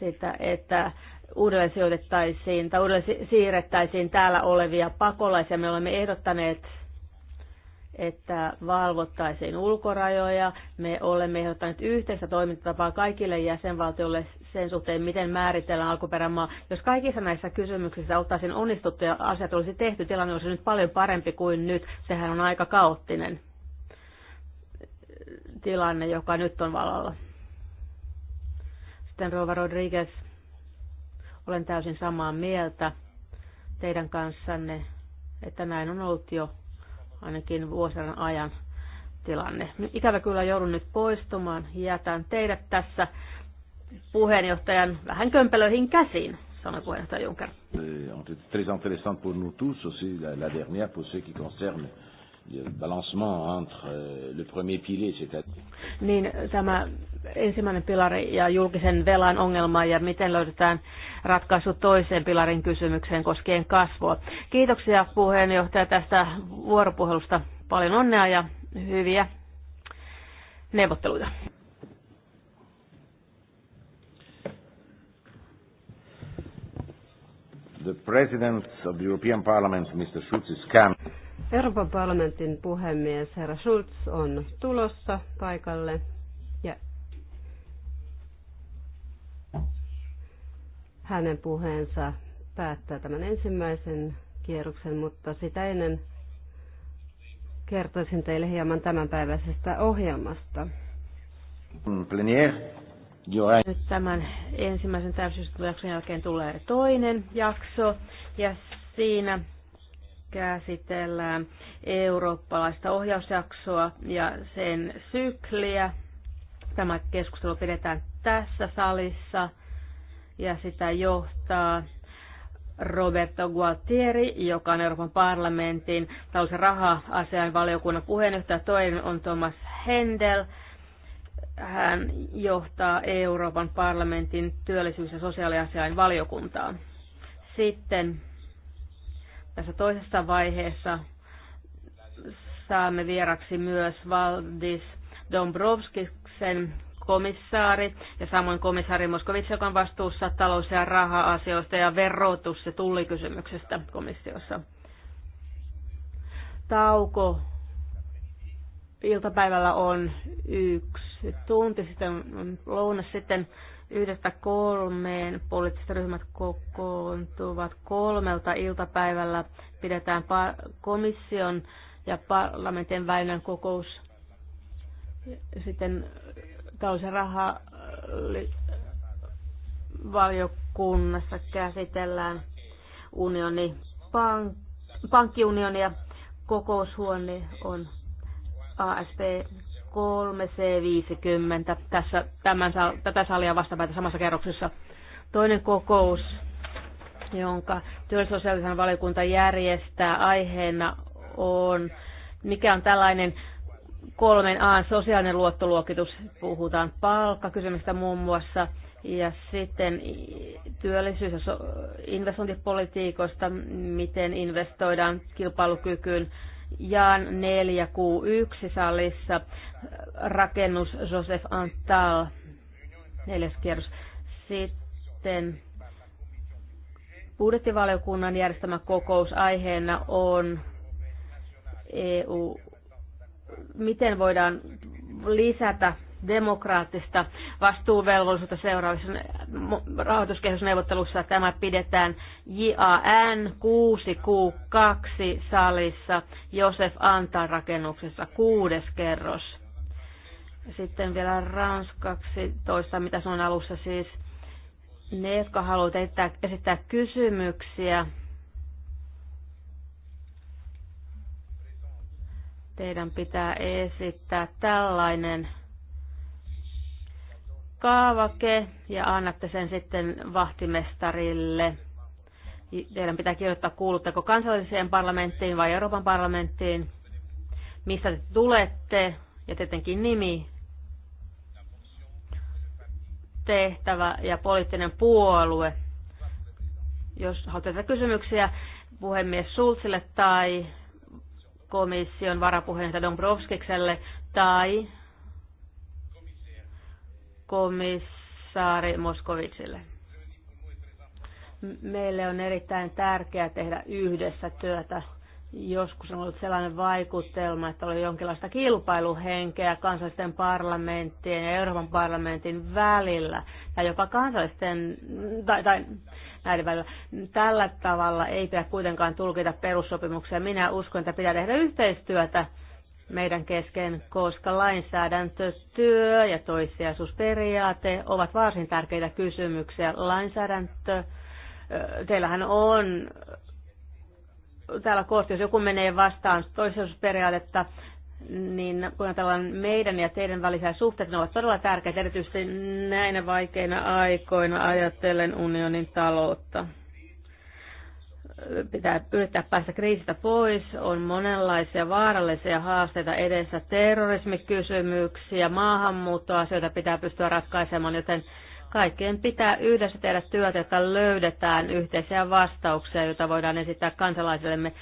sitä, että uudelleen sijoitettaisiin tai uudelleen siirrettäisiin täällä olevia pakolaisia. Me olemme ehdottaneet että valvottaisiin ulkorajoja. Me olemme ehdottaneet yhteistä toimintatapaa kaikille jäsenvaltioille sen suhteen, miten määritellään alkuperämaa. Jos kaikissa näissä kysymyksissä oltaisiin onnistuttu ja asiat olisi tehty, tilanne olisi nyt paljon parempi kuin nyt. Sehän on aika kaoottinen tilanne, joka nyt on valalla. Sitten Rova Rodriguez, olen täysin samaa mieltä teidän kanssanne, että näin on ollut jo ainakin vuosien ajan tilanne. Ikävä kyllä joudun nyt poistumaan. Jätän teidät tässä puheenjohtajan vähän kömpelöihin käsiin, sanoi puheenjohtaja Juncker. Très intéressant pour nous tous aussi, la dernière pour ceux qui concerne Euh, niin tämä ensimmäinen pilari ja julkisen velan ongelma ja miten löydetään ratkaisu toiseen pilarin kysymykseen koskien kasvua. Kiitoksia puheenjohtaja tästä vuoropuhelusta. Paljon onnea ja hyviä neuvotteluja. The President of the European Parliament, Mr. Schulz, is coming. Euroopan parlamentin puhemies herra Schulz on tulossa paikalle ja hänen puheensa päättää tämän ensimmäisen kierroksen, mutta sitä ennen kertoisin teille hieman tämänpäiväisestä ohjelmasta. Plenier. Nyt tämän ensimmäisen täysistuntojakson jälkeen tulee toinen jakso ja siinä käsitellään eurooppalaista ohjausjaksoa ja sen sykliä. Tämä keskustelu pidetään tässä salissa ja sitä johtaa Roberto Gualtieri, joka on Euroopan parlamentin talous- ja raha-asian valiokunnan puheenjohtaja. Toinen on Thomas Hendel. Hän johtaa Euroopan parlamentin työllisyys- ja sosiaaliasiain valiokuntaa. Sitten tässä toisessa vaiheessa saamme vieraksi myös Valdis Dombrovskisen komissaari ja samoin komissaari Moskovits, joka on vastuussa talous- ja raha-asioista ja verotus- ja tullikysymyksestä komissiossa. Tauko iltapäivällä on yksi tunti, sitten lounas, sitten yhdestä kolmeen poliittiset ryhmät kokoontuvat kolmelta iltapäivällä. Pidetään komission ja parlamentin välinen kokous. Sitten talous- ja valiokunnassa käsitellään unioni, pank, pankkiunionia. Kokoushuone on ASP 3C50 tässä, tämän, tätä salia vastapäätä samassa kerroksessa. Toinen kokous, jonka työsosiaalisen valiokunta järjestää aiheena on, mikä on tällainen kolmen A sosiaalinen luottoluokitus, puhutaan palkkakysymystä muun muassa, ja sitten työllisyys- ja investointipolitiikosta, miten investoidaan kilpailukykyyn, Jaan 4Q1 salissa rakennus Josef Antal, neljäs kierros. Sitten budjettivaliokunnan järjestämä kokous aiheena on EU, miten voidaan lisätä demokraattista vastuuvelvollisuutta seuraavissa rahoituskehysneuvottelussa. Tämä pidetään JAN 6Q2 salissa Josef Antan rakennuksessa kuudes kerros. Sitten vielä ranskaksi toista, mitä sanoin alussa siis. Ne, jotka haluavat esittää, esittää kysymyksiä, teidän pitää esittää tällainen kaavake ja annatte sen sitten vahtimestarille. Teidän pitää kirjoittaa, kuulutteko kansalliseen parlamenttiin vai Euroopan parlamenttiin, mistä te tulette ja tietenkin nimi, tehtävä ja poliittinen puolue. Jos haluatte kysymyksiä puhemies Sulsille tai komission varapuheenjohtaja Dombrovskikselle tai komissaari Moskovitsille. Meille on erittäin tärkeää tehdä yhdessä työtä. Joskus on ollut sellainen vaikutelma, että oli jonkinlaista kilpailuhenkeä kansallisten parlamenttien ja Euroopan parlamentin välillä ja jopa kansallisten tai, tai näiden välillä. Tällä tavalla ei pidä kuitenkaan tulkita perussopimuksia. Minä uskon, että pitää tehdä yhteistyötä meidän kesken, koska lainsäädäntötyö ja toissijaisuusperiaate ovat varsin tärkeitä kysymyksiä. Lainsäädäntö, teillähän on täällä kohti, jos joku menee vastaan toissijaisuusperiaatetta, niin kun ajatellaan meidän ja teidän välisiä suhteita, ne ovat todella tärkeitä, erityisesti näinä vaikeina aikoina ajatellen unionin taloutta pitää yrittää päästä kriisistä pois. On monenlaisia vaarallisia haasteita edessä, terrorismikysymyksiä, maahanmuuttoasioita pitää pystyä ratkaisemaan, joten kaikkien pitää yhdessä tehdä työtä, että löydetään yhteisiä vastauksia, joita voidaan esittää kansalaisillemme.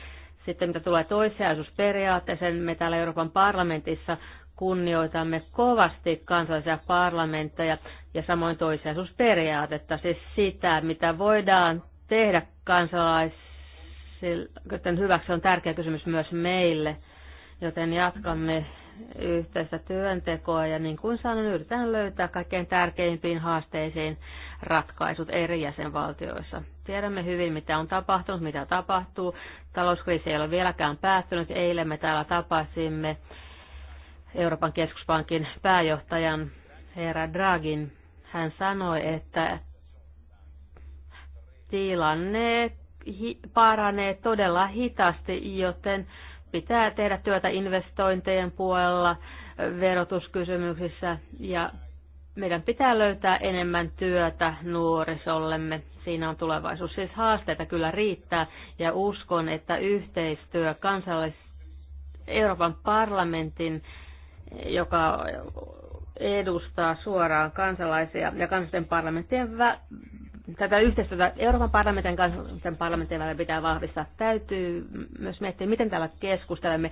Sitten mitä tulee toissijaisuusperiaatteeseen, me täällä Euroopan parlamentissa kunnioitamme kovasti kansallisia parlamentteja ja samoin toissijaisuusperiaatetta, siis sitä, mitä voidaan tehdä kansalaisten hyväksi on tärkeä kysymys myös meille, joten jatkamme yhteistä työntekoa ja niin kuin sanoin, yritetään löytää kaikkein tärkeimpiin haasteisiin ratkaisut eri jäsenvaltioissa. Tiedämme hyvin, mitä on tapahtunut, mitä tapahtuu. Talouskriisi ei ole vieläkään päättynyt. Eilen me täällä tapasimme Euroopan keskuspankin pääjohtajan Herra Dragin. Hän sanoi, että tilanne paranee todella hitaasti, joten pitää tehdä työtä investointejen puolella, verotuskysymyksissä ja meidän pitää löytää enemmän työtä nuorisollemme. Siinä on tulevaisuus. Siis haasteita kyllä riittää ja uskon, että yhteistyö kansallis Euroopan parlamentin, joka edustaa suoraan kansalaisia ja kansallisten parlamenttien vä- tätä yhteistyötä Euroopan parlamentin kanssa sen parlamentin välillä pitää vahvistaa. Täytyy myös miettiä, miten täällä keskustelemme.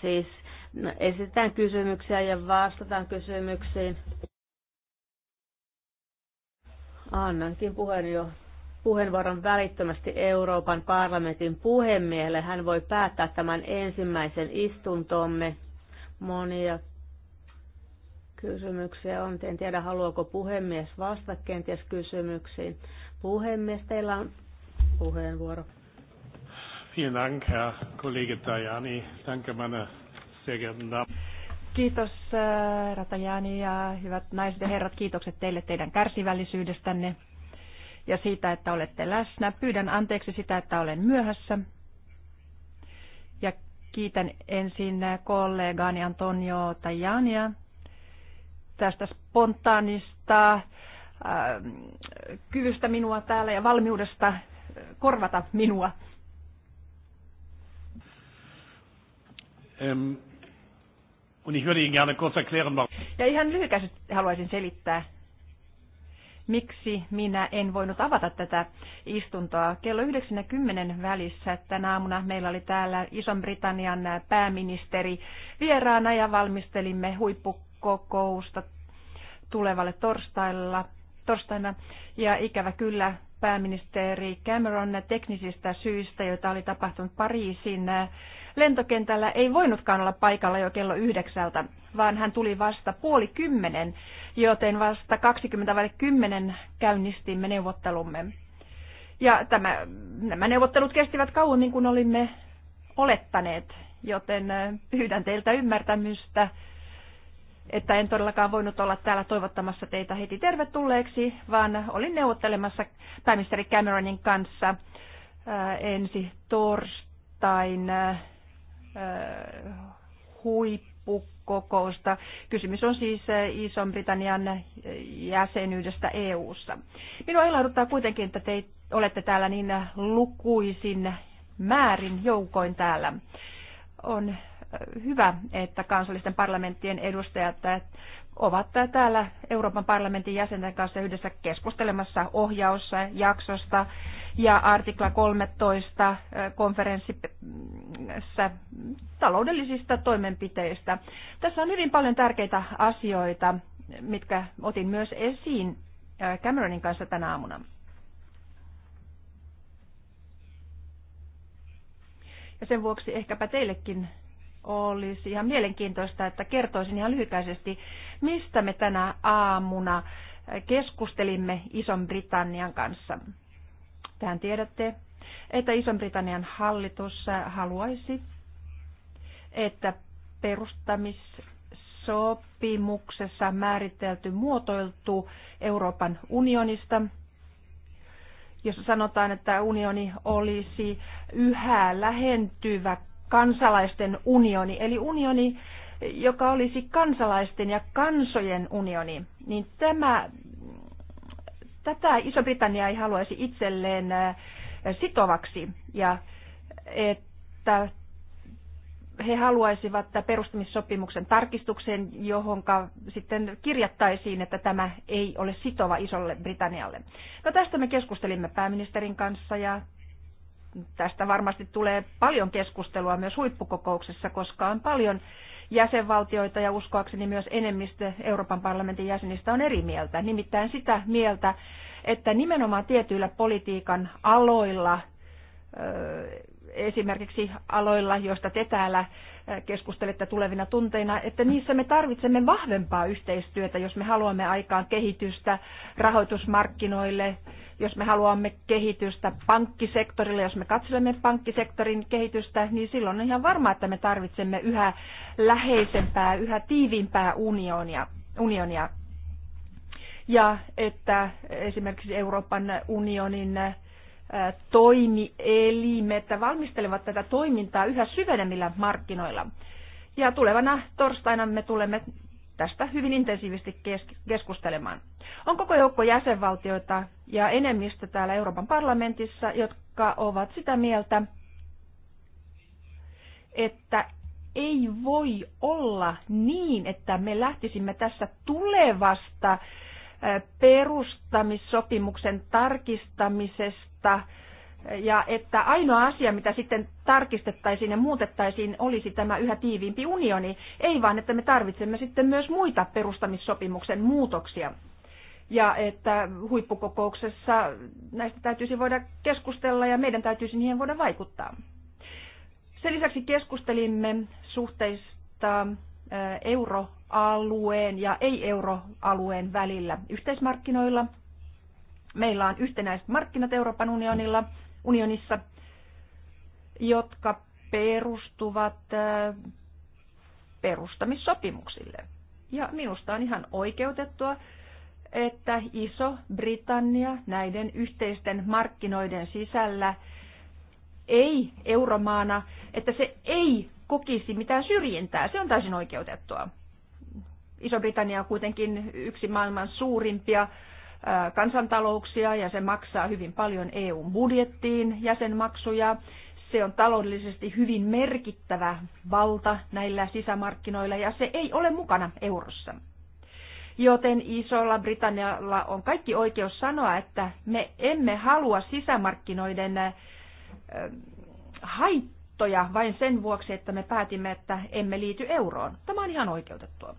Siis esitetään kysymyksiä ja vastataan kysymyksiin. Annankin jo puheenvuoron välittömästi Euroopan parlamentin puhemiehelle. Hän voi päättää tämän ensimmäisen istuntomme. Monia kysymyksiä on. En tiedä, haluaako puhemies vastata kenties kysymyksiin. Puhemies, teillä on puheenvuoro. Vielen Dank, Herr Kollege Tajani. Danke, meine sehr geehrten Damen. Kiitos, äh, Ratajani ja hyvät naiset ja herrat. Kiitokset teille teidän kärsivällisyydestänne ja siitä, että olette läsnä. Pyydän anteeksi sitä, että olen myöhässä. Ja kiitän ensin kollegaani Antonio Tajania tästä spontaanista äh, kyvystä minua täällä ja valmiudesta korvata minua. Ähm, und ich würde Ihnen gerne kurz erklären, warum. Ja ihan lyhykäisesti haluaisin selittää, miksi minä en voinut avata tätä istuntoa. Kello 9.10 välissä tänä aamuna meillä oli täällä Ison-Britannian pääministeri vieraana ja valmistelimme huippu kokousta tulevalle torstailla, torstaina. Ja ikävä kyllä pääministeri Cameron teknisistä syistä, joita oli tapahtunut Pariisin lentokentällä, ei voinutkaan olla paikalla jo kello yhdeksältä, vaan hän tuli vasta puoli kymmenen, joten vasta 20 vai kymmenen käynnistimme neuvottelumme. Ja tämä, nämä neuvottelut kestivät kauan, niin kuin olimme olettaneet, joten pyydän teiltä ymmärtämystä että en todellakaan voinut olla täällä toivottamassa teitä heti tervetulleeksi, vaan olin neuvottelemassa pääministeri Cameronin kanssa äh, ensi torstain äh, huippukokousta. Kysymys on siis äh, iso, britannian jäsenyydestä EU-ssa. Minua ilahduttaa kuitenkin, että te olette täällä niin lukuisin määrin joukoin täällä. On hyvä, että kansallisten parlamenttien edustajat äh, ovat täällä Euroopan parlamentin jäsenten kanssa yhdessä keskustelemassa ohjaussa, jaksosta ja artikla 13 äh, konferenssissa taloudellisista toimenpiteistä. Tässä on hyvin paljon tärkeitä asioita, mitkä otin myös esiin äh, Cameronin kanssa tänä aamuna. Ja sen vuoksi ehkäpä teillekin olisi ihan mielenkiintoista, että kertoisin ihan lyhykäisesti, mistä me tänä aamuna keskustelimme Ison-Britannian kanssa. Tähän tiedätte, että Ison-Britannian hallitus haluaisi, että perustamissopimuksessa määritelty muotoiltu Euroopan unionista, jossa sanotaan, että unioni olisi yhä lähentyvä kansalaisten unioni, eli unioni, joka olisi kansalaisten ja kansojen unioni, niin tämä, tätä Iso-Britannia ei haluaisi itselleen sitovaksi ja että he haluaisivat perustamissopimuksen tarkistuksen, johon sitten kirjattaisiin, että tämä ei ole sitova isolle Britannialle. No tästä me keskustelimme pääministerin kanssa ja tästä varmasti tulee paljon keskustelua myös huippukokouksessa, koska on paljon jäsenvaltioita ja uskoakseni myös enemmistö Euroopan parlamentin jäsenistä on eri mieltä. Nimittäin sitä mieltä, että nimenomaan tietyillä politiikan aloilla esimerkiksi aloilla, joista te täällä keskustelette tulevina tunteina, että niissä me tarvitsemme vahvempaa yhteistyötä, jos me haluamme aikaan kehitystä rahoitusmarkkinoille, jos me haluamme kehitystä pankkisektorille, jos me katselemme pankkisektorin kehitystä, niin silloin on ihan varma, että me tarvitsemme yhä läheisempää, yhä tiiviimpää unionia. unionia. Ja että esimerkiksi Euroopan unionin äh, toimielimet valmistelevat tätä toimintaa yhä syvenemmillä markkinoilla. Ja tulevana torstaina me tulemme tästä hyvin intensiivisesti keskustelemaan. On koko joukko jäsenvaltioita ja enemmistö täällä Euroopan parlamentissa, jotka ovat sitä mieltä, että ei voi olla niin, että me lähtisimme tässä tulevasta äh, perustamissopimuksen tarkistamisesta ja että ainoa asia, mitä sitten tarkistettaisiin ja muutettaisiin, olisi tämä yhä tiiviimpi unioni, ei vaan, että me tarvitsemme sitten myös muita perustamissopimuksen muutoksia. Ja että huippukokouksessa näistä täytyisi voida keskustella ja meidän täytyisi niihin voida vaikuttaa. Sen lisäksi keskustelimme suhteista euro euroalueen ja ei-euroalueen välillä yhteismarkkinoilla. Meillä on yhtenäiset markkinat Euroopan unionilla, unionissa, jotka perustuvat äh, perustamissopimuksille. Ja minusta on ihan oikeutettua, että Iso-Britannia näiden yhteisten markkinoiden sisällä ei euromaana, että se ei kokisi mitään syrjintää. Se on täysin oikeutettua. Iso-Britannia on kuitenkin yksi maailman suurimpia kansantalouksia ja se maksaa hyvin paljon EU-budjettiin jäsenmaksuja. Se on taloudellisesti hyvin merkittävä valta näillä sisämarkkinoilla ja se ei ole mukana eurossa. Joten isolla Britannialla on kaikki oikeus sanoa, että me emme halua sisämarkkinoiden haittoja vain sen vuoksi, että me päätimme, että emme liity euroon. Tämä on ihan oikeutettua.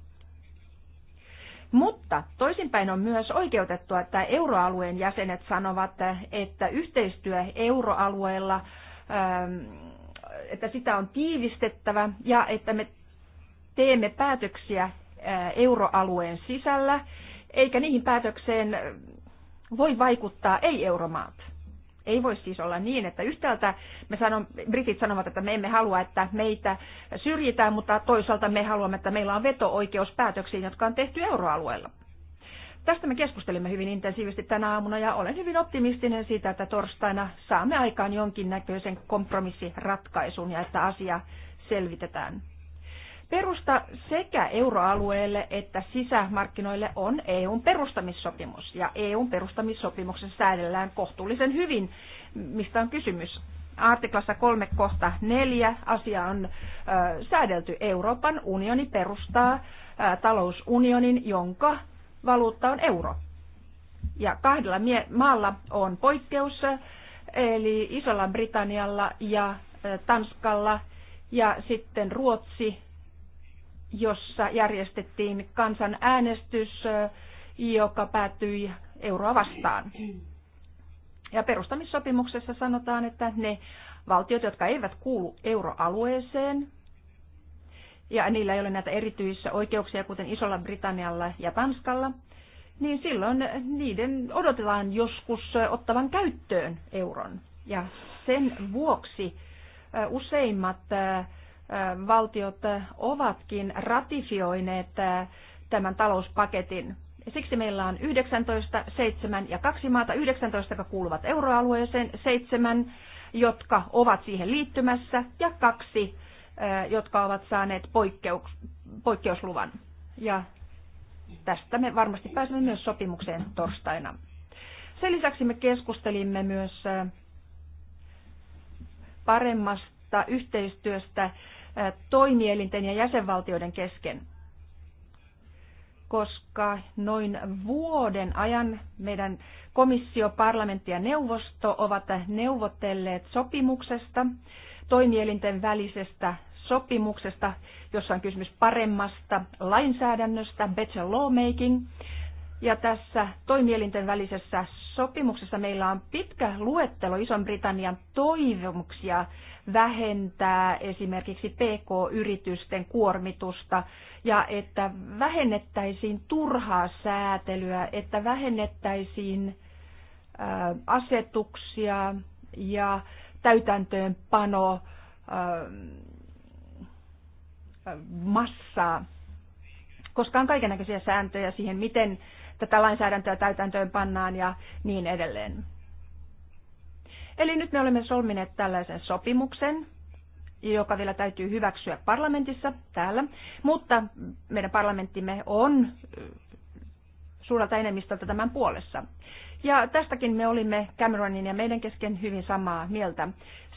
Mutta toisinpäin on myös oikeutettua, että euroalueen jäsenet sanovat, että yhteistyö euroalueella, ähm, että sitä on tiivistettävä ja että me teemme päätöksiä äh, euroalueen sisällä, eikä niihin päätökseen voi vaikuttaa ei-euromaat. Ei voi siis olla niin, että yhtäältä me sanon, britit sanovat, että me emme halua, että meitä syrjitään, mutta toisaalta me haluamme, että meillä on veto-oikeus päätöksiin, jotka on tehty euroalueella. Tästä me keskustelimme hyvin intensiivisesti tänä aamuna ja olen hyvin optimistinen siitä, että torstaina saamme aikaan jonkinnäköisen kompromissiratkaisun ja että asia selvitetään. Perusta sekä euroalueelle että sisämarkkinoille on EUn perustamissopimus. Ja EUn perustamissopimuksessa säädellään kohtuullisen hyvin, mistä on kysymys. Artiklassa 3 kohta 4 asia on ö, säädelty. Euroopan unioni perustaa ö, talousunionin, jonka valuutta on euro. Ja kahdella maalla on poikkeus, eli Isolla Britannialla ja Tanskalla ja sitten Ruotsi jossa järjestettiin kansanäänestys, joka päättyi euroa vastaan. Ja perustamissopimuksessa sanotaan, että ne valtiot, jotka eivät kuulu euroalueeseen, ja niillä ei ole näitä erityisiä oikeuksia, kuten Isolla Britannialla ja Tanskalla, niin silloin niiden odotetaan joskus ottavan käyttöön euron. Ja sen vuoksi useimmat äh, valtiot ovatkin ratifioineet tämän talouspaketin. Siksi meillä on 19, 7 ja 2 maata, 19, jotka kuuluvat euroalueeseen, 7, jotka ovat siihen liittymässä ja kaksi, jotka ovat saaneet poikkeus, poikkeusluvan. Ja tästä me varmasti pääsemme myös sopimukseen torstaina. Sen lisäksi me keskustelimme myös paremmasta yhteistyöstä toimielinten ja jäsenvaltioiden kesken. Koska noin vuoden ajan meidän komissio, parlamentti ja neuvosto ovat neuvotelleet sopimuksesta, toimielinten välisestä sopimuksesta, jossa on kysymys paremmasta lainsäädännöstä, better lawmaking, ja tässä toimielinten välisessä sopimuksessa meillä on pitkä luettelo Ison-Britannian toivomuksia vähentää esimerkiksi PK-yritysten kuormitusta ja että vähennettäisiin turhaa säätelyä, että vähennettäisiin asetuksia ja täytäntöönpano massaa, koska on kaikenlaisia sääntöjä siihen, miten tätä lainsäädäntöä täytäntöön pannaan ja niin edelleen. Eli nyt me olemme solmineet tällaisen sopimuksen, joka vielä täytyy hyväksyä parlamentissa täällä, mutta meidän parlamenttimme on suurelta enemmistöltä tämän puolessa. Ja tästäkin me olimme Cameronin ja meidän kesken hyvin samaa mieltä.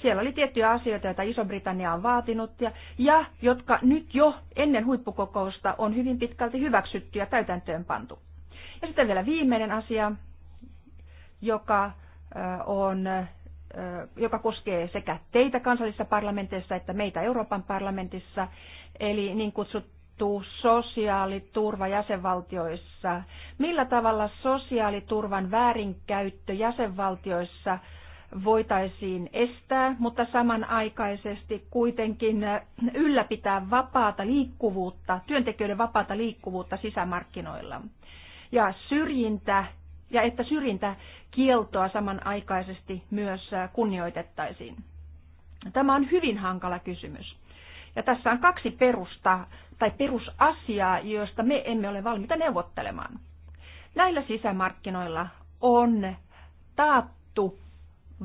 Siellä oli tiettyjä asioita, joita Iso-Britannia on vaatinut ja, ja jotka nyt jo ennen huippukokousta on hyvin pitkälti hyväksytty ja täytäntöön pantu. Ja sitten vielä viimeinen asia, joka on joka koskee sekä teitä kansallisissa parlamenteissa että meitä Euroopan parlamentissa, eli niin kutsuttu sosiaaliturva jäsenvaltioissa. Millä tavalla sosiaaliturvan väärinkäyttö jäsenvaltioissa voitaisiin estää, mutta samanaikaisesti kuitenkin ylläpitää vapaata liikkuvuutta, työntekijöiden vapaata liikkuvuutta sisämarkkinoilla ja syrjintä ja että kieltoa samanaikaisesti myös äh, kunnioitettaisiin. Tämä on hyvin hankala kysymys. Ja tässä on kaksi perusta tai perusasiaa, joista me emme ole valmiita neuvottelemaan. Näillä sisämarkkinoilla on taattu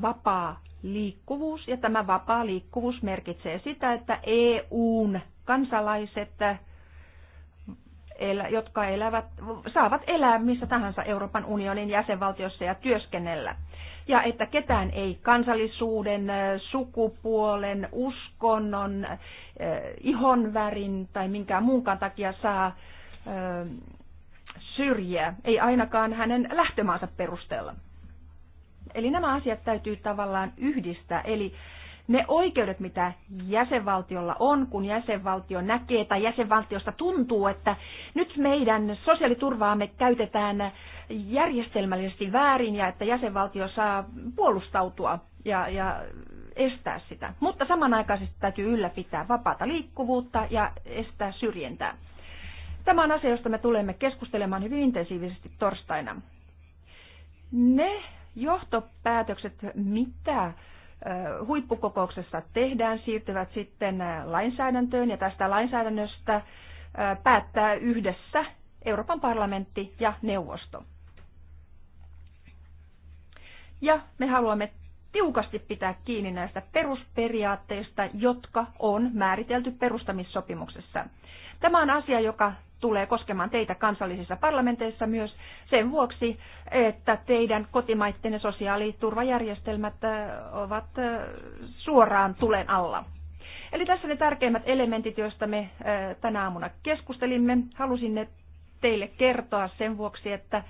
vapaa liikkuvuus, ja tämä vapaa liikkuvuus merkitsee sitä, että EUn kansalaiset elä, jotka elävät, saavat elää missä tahansa Euroopan unionin jäsenvaltiossa ja työskennellä. Ja että ketään ei kansallisuuden, sukupuolen, uskonnon, ihonvärin tai minkään muunkaan takia saa syrjiä, ei ainakaan hänen lähtömaansa perusteella. Eli nämä asiat täytyy tavallaan yhdistää. Eli ne oikeudet, mitä jäsenvaltiolla on, kun jäsenvaltio näkee tai jäsenvaltiosta tuntuu, että nyt meidän sosiaaliturvaamme käytetään järjestelmällisesti väärin ja että jäsenvaltio saa puolustautua ja, ja estää sitä. Mutta samanaikaisesti täytyy ylläpitää vapaata liikkuvuutta ja estää syrjintää. Tämä on asia, josta me tulemme keskustelemaan hyvin intensiivisesti torstaina. Ne johtopäätökset, mitä huippukokouksessa tehdään, siirtyvät sitten lainsäädäntöön ja tästä lainsäädännöstä päättää yhdessä Euroopan parlamentti ja neuvosto. Ja me haluamme tiukasti pitää kiinni näistä perusperiaatteista, jotka on määritelty perustamissopimuksessa. Tämä on asia, joka tulee koskemaan teitä kansallisissa parlamenteissa myös sen vuoksi, että teidän kotimaittenne sosiaaliturvajärjestelmät ovat suoraan tulen alla. Eli tässä ne tärkeimmät elementit, joista me tänä aamuna keskustelimme. Halusin ne teille kertoa sen vuoksi, että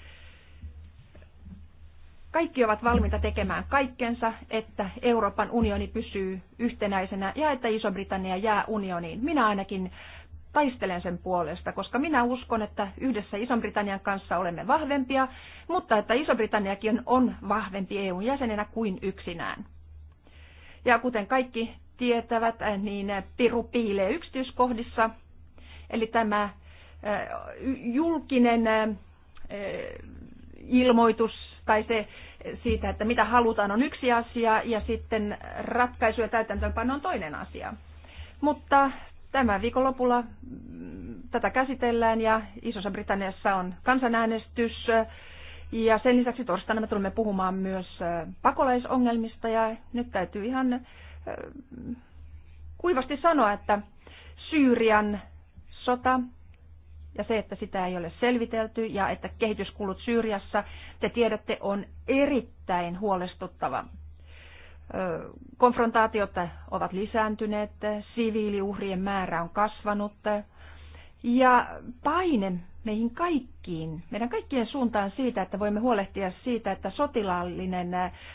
kaikki ovat valmiita tekemään kaikkensa, että Euroopan unioni pysyy yhtenäisenä ja että Iso-Britannia jää unioniin. Minä ainakin taistelen sen puolesta, koska minä uskon, että yhdessä Iso-Britannian kanssa olemme vahvempia, mutta että Iso-Britanniakin on vahvempi eu jäsenenä kuin yksinään. Ja kuten kaikki tietävät, niin piru piilee yksityiskohdissa, eli tämä julkinen ilmoitus tai se siitä, että mitä halutaan on yksi asia ja sitten ratkaisu ja täytäntöönpano on toinen asia. Mutta Tämän viikon lopulla mm, tätä käsitellään ja Isossa Britanniassa on kansanäänestys. Ja sen lisäksi torstaina me tulemme puhumaan myös pakolaisongelmista ja nyt täytyy ihan kuivasti sanoa, että Syyrian sota ja se, että sitä ei ole selvitelty ja että kehityskulut Syyriassa, te tiedätte, on erittäin huolestuttava konfrontaatiot ovat lisääntyneet, siviiliuhrien määrä on kasvanut ja paine meihin kaikkiin, meidän kaikkien suuntaan siitä, että voimme huolehtia siitä, että sotilaallinen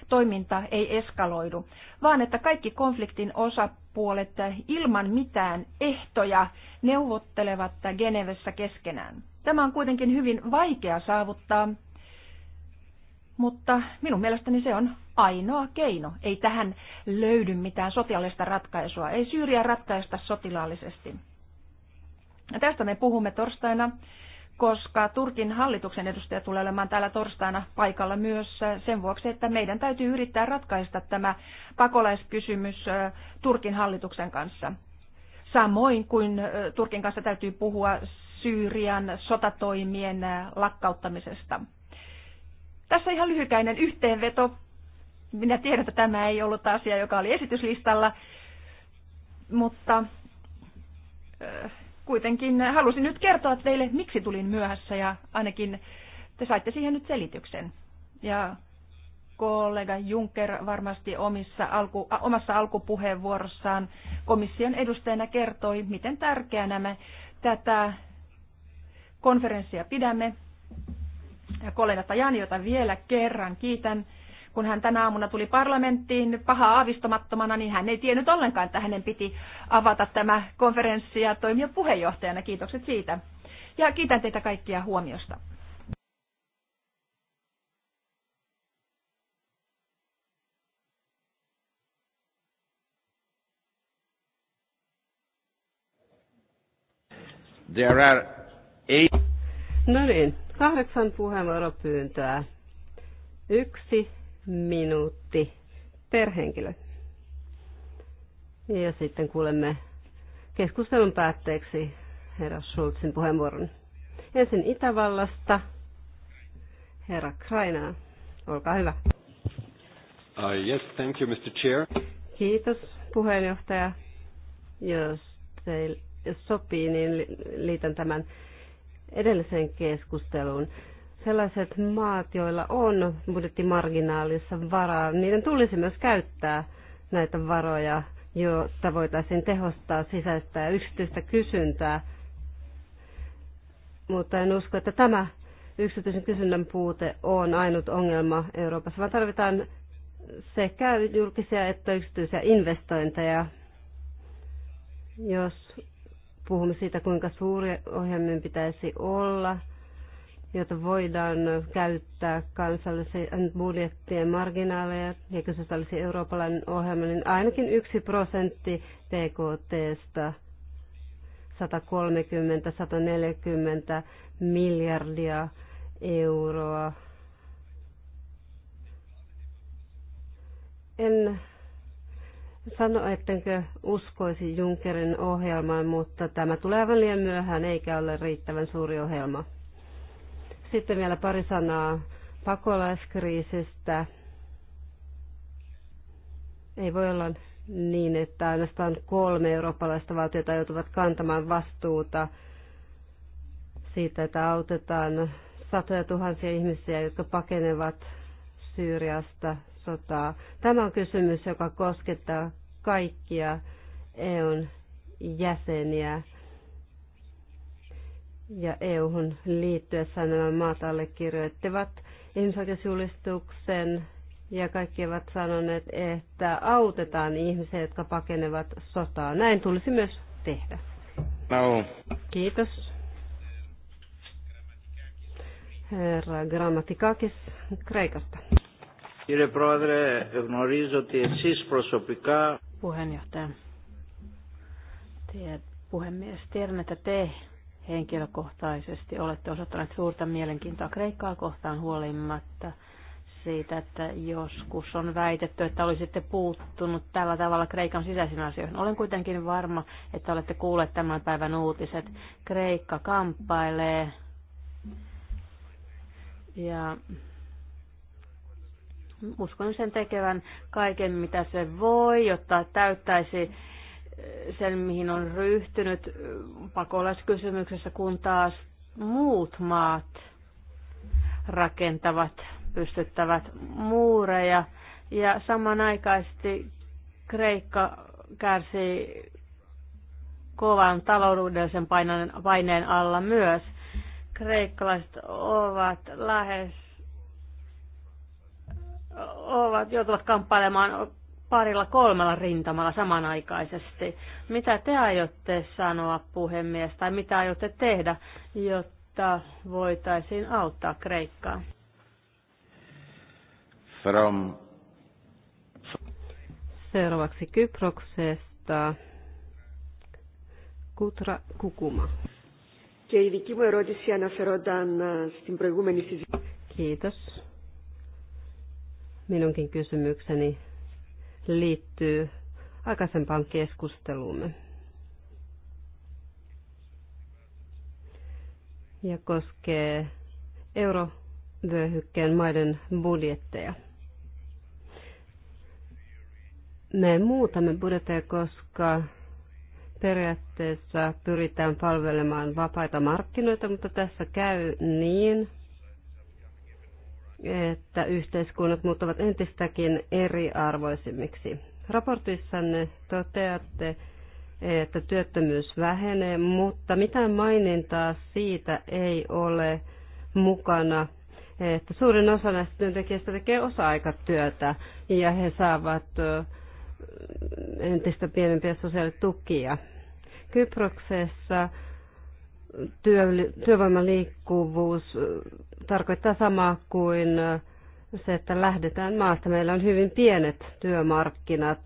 toiminta ei eskaloidu, vaan että kaikki konfliktin osapuolet ilman mitään ehtoja neuvottelevat Genevessä keskenään. Tämä on kuitenkin hyvin vaikea saavuttaa mutta minun mielestäni se on ainoa keino. Ei tähän löydy mitään sotilaallista ratkaisua. Ei Syyriä ratkaista sotilaallisesti. Ja tästä me puhumme torstaina, koska Turkin hallituksen edustaja tulee olemaan täällä torstaina paikalla myös sen vuoksi, että meidän täytyy yrittää ratkaista tämä pakolaiskysymys Turkin hallituksen kanssa. Samoin kuin Turkin kanssa täytyy puhua Syyrian sotatoimien lakkauttamisesta. Tässä ihan lyhykäinen yhteenveto. Minä tiedän, että tämä ei ollut asia, joka oli esityslistalla, mutta kuitenkin halusin nyt kertoa teille, miksi tulin myöhässä ja ainakin te saitte siihen nyt selityksen. Ja kollega Juncker varmasti omissa alku, omassa alkupuheenvuorossaan komission edustajana kertoi, miten tärkeänä me tätä konferenssia pidämme kollega Tajani, jota vielä kerran kiitän. Kun hän tänä aamuna tuli parlamenttiin paha aavistamattomana, niin hän ei tiennyt ollenkaan, että hänen piti avata tämä konferenssi ja toimia puheenjohtajana. Kiitokset siitä. Ja kiitän teitä kaikkia huomiosta. There are eight. No niin, Kahdeksan puheenvuoropyyntöä. Yksi minuutti per henkilö. Ja sitten kuulemme keskustelun päätteeksi herra Schulzin puheenvuoron. Ensin Itävallasta. Herra Kraina, olkaa hyvä. Uh, yes, thank you, Mr. Chair. Kiitos puheenjohtaja. Jos teille jos sopii, niin liitän tämän edelliseen keskusteluun. Sellaiset maat, joilla on budjettimarginaalissa varaa, niiden tulisi myös käyttää näitä varoja, jotta voitaisiin tehostaa sisäistä ja yksityistä kysyntää. Mutta en usko, että tämä yksityisen kysynnän puute on ainut ongelma Euroopassa, vaan tarvitaan sekä julkisia että yksityisiä investointeja, jos puhumme siitä, kuinka suuri ohjelmien pitäisi olla, jota voidaan käyttää kansallisen budjettien marginaaleja, ja se olisi eurooppalainen ohjelma, niin ainakin yksi prosentti PKTstä 130-140 miljardia euroa. En sano, ettenkö uskoisi Junckerin ohjelmaan, mutta tämä tulee aivan liian myöhään eikä ole riittävän suuri ohjelma. Sitten vielä pari sanaa pakolaiskriisistä. Ei voi olla niin, että ainoastaan kolme eurooppalaista valtiota joutuvat kantamaan vastuuta siitä, että autetaan satoja tuhansia ihmisiä, jotka pakenevat Syyriasta sotaa. Tämä on kysymys, joka koskettaa kaikkia EUn jäseniä. Ja EUhun liittyessään nämä maat allekirjoittivat ihmisoikeusjulistuksen ja kaikki ovat sanoneet, että autetaan ihmisiä, jotka pakenevat sotaa. Näin tulisi myös tehdä. No. Kiitos. Herra Grammatikakis Kreikasta. Κύριε Πρόεδρε, γνωρίζω ότι εσείς puheenjohtaja. Tied, puhemies, tiedän, että te henkilökohtaisesti olette osoittaneet suurta mielenkiintoa Kreikkaa kohtaan huolimatta siitä, että joskus on väitetty, että olisitte puuttunut tällä tavalla Kreikan sisäisiin asioihin. Olen kuitenkin varma, että olette kuulleet tämän päivän uutiset. Kreikka kamppailee ja uskon sen tekevän kaiken, mitä se voi, jotta täyttäisi sen, mihin on ryhtynyt pakolaiskysymyksessä, kun taas muut maat rakentavat, pystyttävät muureja. Ja samanaikaisesti Kreikka kärsii kovan taloudellisen paineen alla myös. Kreikkalaiset ovat lähes ovat, joutuvat kamppailemaan parilla kolmella rintamalla samanaikaisesti. Mitä te aiotte sanoa, puhemies, tai mitä aiotte tehdä, jotta voitaisiin auttaa Kreikkaa? From... Seuraavaksi Kyproksesta Kutra Kukuma. Kiitos minunkin kysymykseni liittyy aikaisempaan keskusteluumme. Ja koskee eurovyöhykkeen maiden budjetteja. Me muutamme budjetteja, koska periaatteessa pyritään palvelemaan vapaita markkinoita, mutta tässä käy niin, että yhteiskunnat muuttuvat entistäkin eriarvoisimmiksi. Raportissanne toteatte, että työttömyys vähenee, mutta mitään mainintaa siitä ei ole mukana, että suurin osa näistä työntekijöistä tekee osa-aikatyötä ja he saavat entistä pienempiä sosiaalitukia. Kyproksessa työ, työvoiman liikkuvuus tarkoittaa samaa kuin se, että lähdetään maasta. Meillä on hyvin pienet työmarkkinat.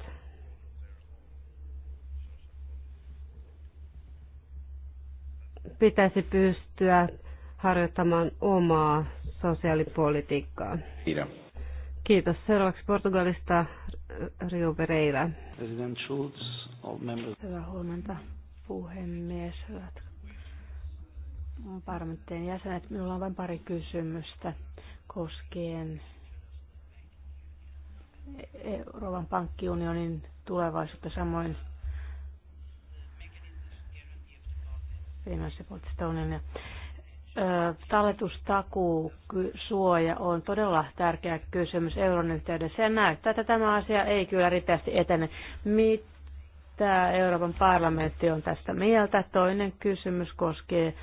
Pitäisi pystyä harjoittamaan omaa sosiaalipolitiikkaa. Kiitos. Kiitos. Seuraavaksi Portugalista Rio Pereira. President Schulz, all members. Hyvää huomenta, puhemies. Hyvät parlamenttien jäsenet. Minulla on vain pari kysymystä koskien Euroopan pankkiunionin tulevaisuutta samoin finanssipoliittista unionia. Talletustakuu suoja on todella tärkeä kysymys euron yhteydessä Se näyttää, että tämä asia ei kyllä ripeästi etene. Mitä Euroopan parlamentti on tästä mieltä? Toinen kysymys koskee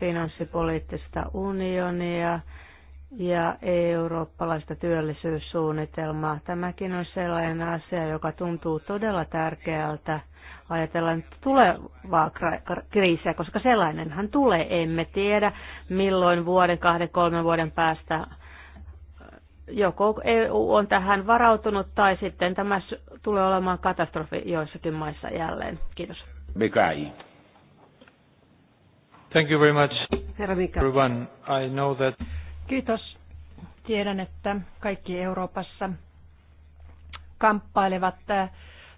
finanssipoliittista unionia ja eurooppalaista työllisyyssuunnitelmaa. Tämäkin on sellainen asia, joka tuntuu todella tärkeältä ajatellaan tulevaa kriisiä, koska sellainenhan tulee. Emme tiedä, milloin vuoden, kahden, kolmen vuoden päästä joko EU on tähän varautunut tai sitten tämä tulee olemaan katastrofi joissakin maissa jälleen. Kiitos. Bekai. Thank you very much. Herra Everyone, I know that... Kiitos. Tiedän, että kaikki Euroopassa kamppailevat äh,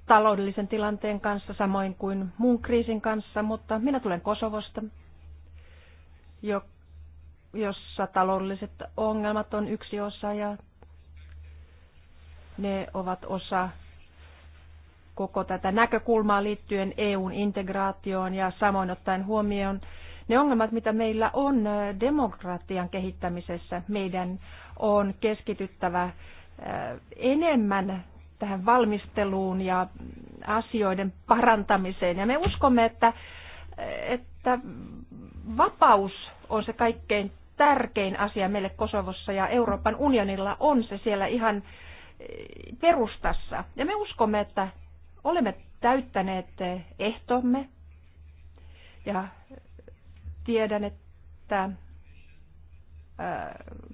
taloudellisen tilanteen kanssa samoin kuin muun kriisin kanssa, mutta minä tulen Kosovosta, jossa taloudelliset ongelmat on yksi osa ja ne ovat osa koko tätä näkökulmaa liittyen EUn integraatioon ja samoin ottaen huomioon ne ongelmat, mitä meillä on demokratian kehittämisessä, meidän on keskityttävä enemmän tähän valmisteluun ja asioiden parantamiseen. Ja me uskomme, että, että vapaus on se kaikkein tärkein asia meille Kosovossa ja Euroopan unionilla on se siellä ihan perustassa. Ja me uskomme, että olemme täyttäneet ehtomme ja Tiedän, että äh,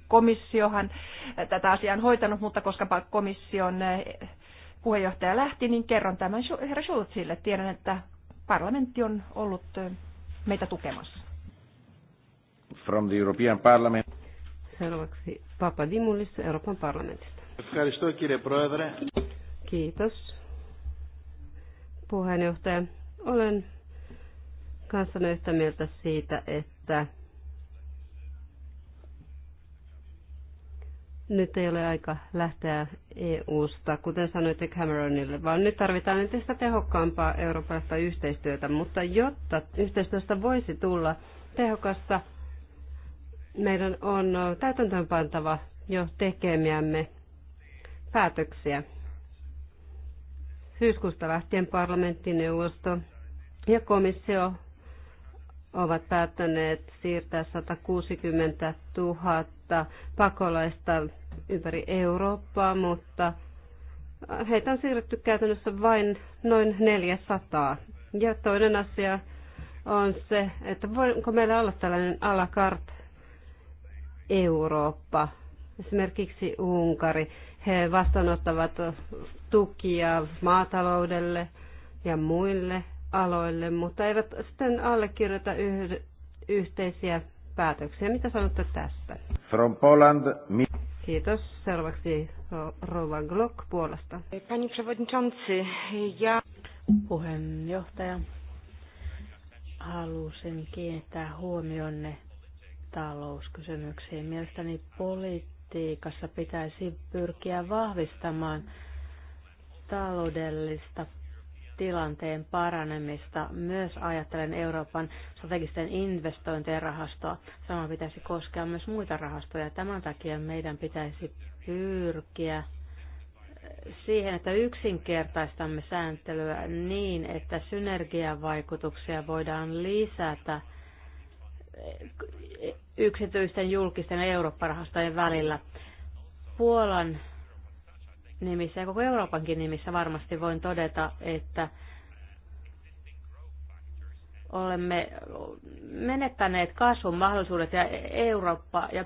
komissiohan tätä asiaa on hoitanut, mutta koska komission äh, puheenjohtaja lähti, niin kerron tämän herra Schulzille. Tiedän, että parlamentti on ollut äh, meitä tukemassa. From the European Parliament. Seuraavaksi Dimulis Euroopan parlamentista. Kiitos puheenjohtaja. Olen kanssanne yhtä mieltä siitä, että nyt ei ole aika lähteä EU-sta, kuten sanoitte Cameronille, vaan nyt tarvitaan entistä tehokkaampaa eurooppalaista yhteistyötä. Mutta jotta yhteistyöstä voisi tulla tehokasta, meidän on täytäntöönpantava jo tekemiämme päätöksiä. Syyskuusta lähtien parlamenttineuvosto ja komissio ovat päättäneet siirtää 160 000 pakolaista ympäri Eurooppaa, mutta heitä on siirretty käytännössä vain noin 400. Ja toinen asia on se, että voiko meillä olla tällainen a la carte Eurooppa, esimerkiksi Unkari. He vastaanottavat tukia maataloudelle ja muille aloille, mutta eivät sitten allekirjoita yh- yhteisiä päätöksiä. Mitä sanotte tästä? From Poland, mi- Kiitos. Seuraavaksi Rova Glock puolesta. Pani przewodniczący, ja... Puheenjohtaja, halusin kiinnittää huomionne talouskysymyksiin. Mielestäni politiikassa pitäisi pyrkiä vahvistamaan taloudellista tilanteen paranemista. Myös ajattelen Euroopan strategisten investointien rahastoa. Sama pitäisi koskea myös muita rahastoja. Tämän takia meidän pitäisi pyrkiä siihen, että yksinkertaistamme sääntelyä niin, että synergiavaikutuksia voidaan lisätä yksityisten, julkisten Eurooppa-rahastojen välillä. Puolan nimissä ja koko Euroopankin nimissä varmasti voin todeta, että olemme menettäneet kasvun mahdollisuudet ja Eurooppa ja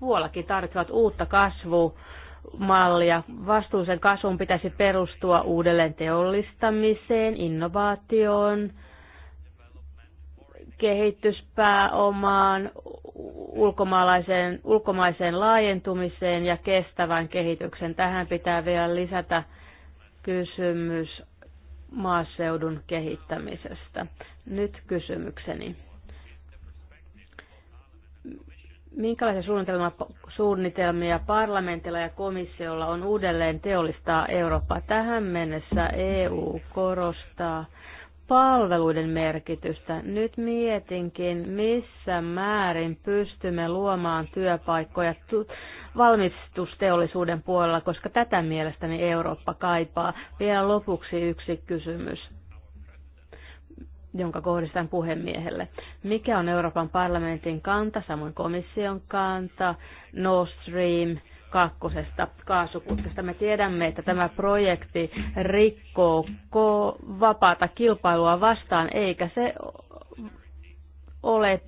Puolakin tarvitsevat uutta kasvumallia. Vastuullisen kasvun pitäisi perustua uudelleen teollistamiseen, innovaatioon, kehityspääomaan, ulkomaalaiseen, ulkomaiseen laajentumiseen ja kestävän kehityksen. Tähän pitää vielä lisätä kysymys maaseudun kehittämisestä. Nyt kysymykseni. Minkälaisia suunnitelmia, suunnitelmia parlamentilla ja komissiolla on uudelleen teollistaa Eurooppaa? Tähän mennessä EU korostaa palveluiden merkitystä. Nyt mietinkin, missä määrin pystymme luomaan työpaikkoja valmistusteollisuuden puolella, koska tätä mielestäni Eurooppa kaipaa. Vielä lopuksi yksi kysymys jonka kohdistan puhemiehelle. Mikä on Euroopan parlamentin kanta, samoin komission kanta, Nord Stream, kakkosesta kaasuputkesta. Me tiedämme, että tämä projekti rikkoo vapaata kilpailua vastaan, eikä se ole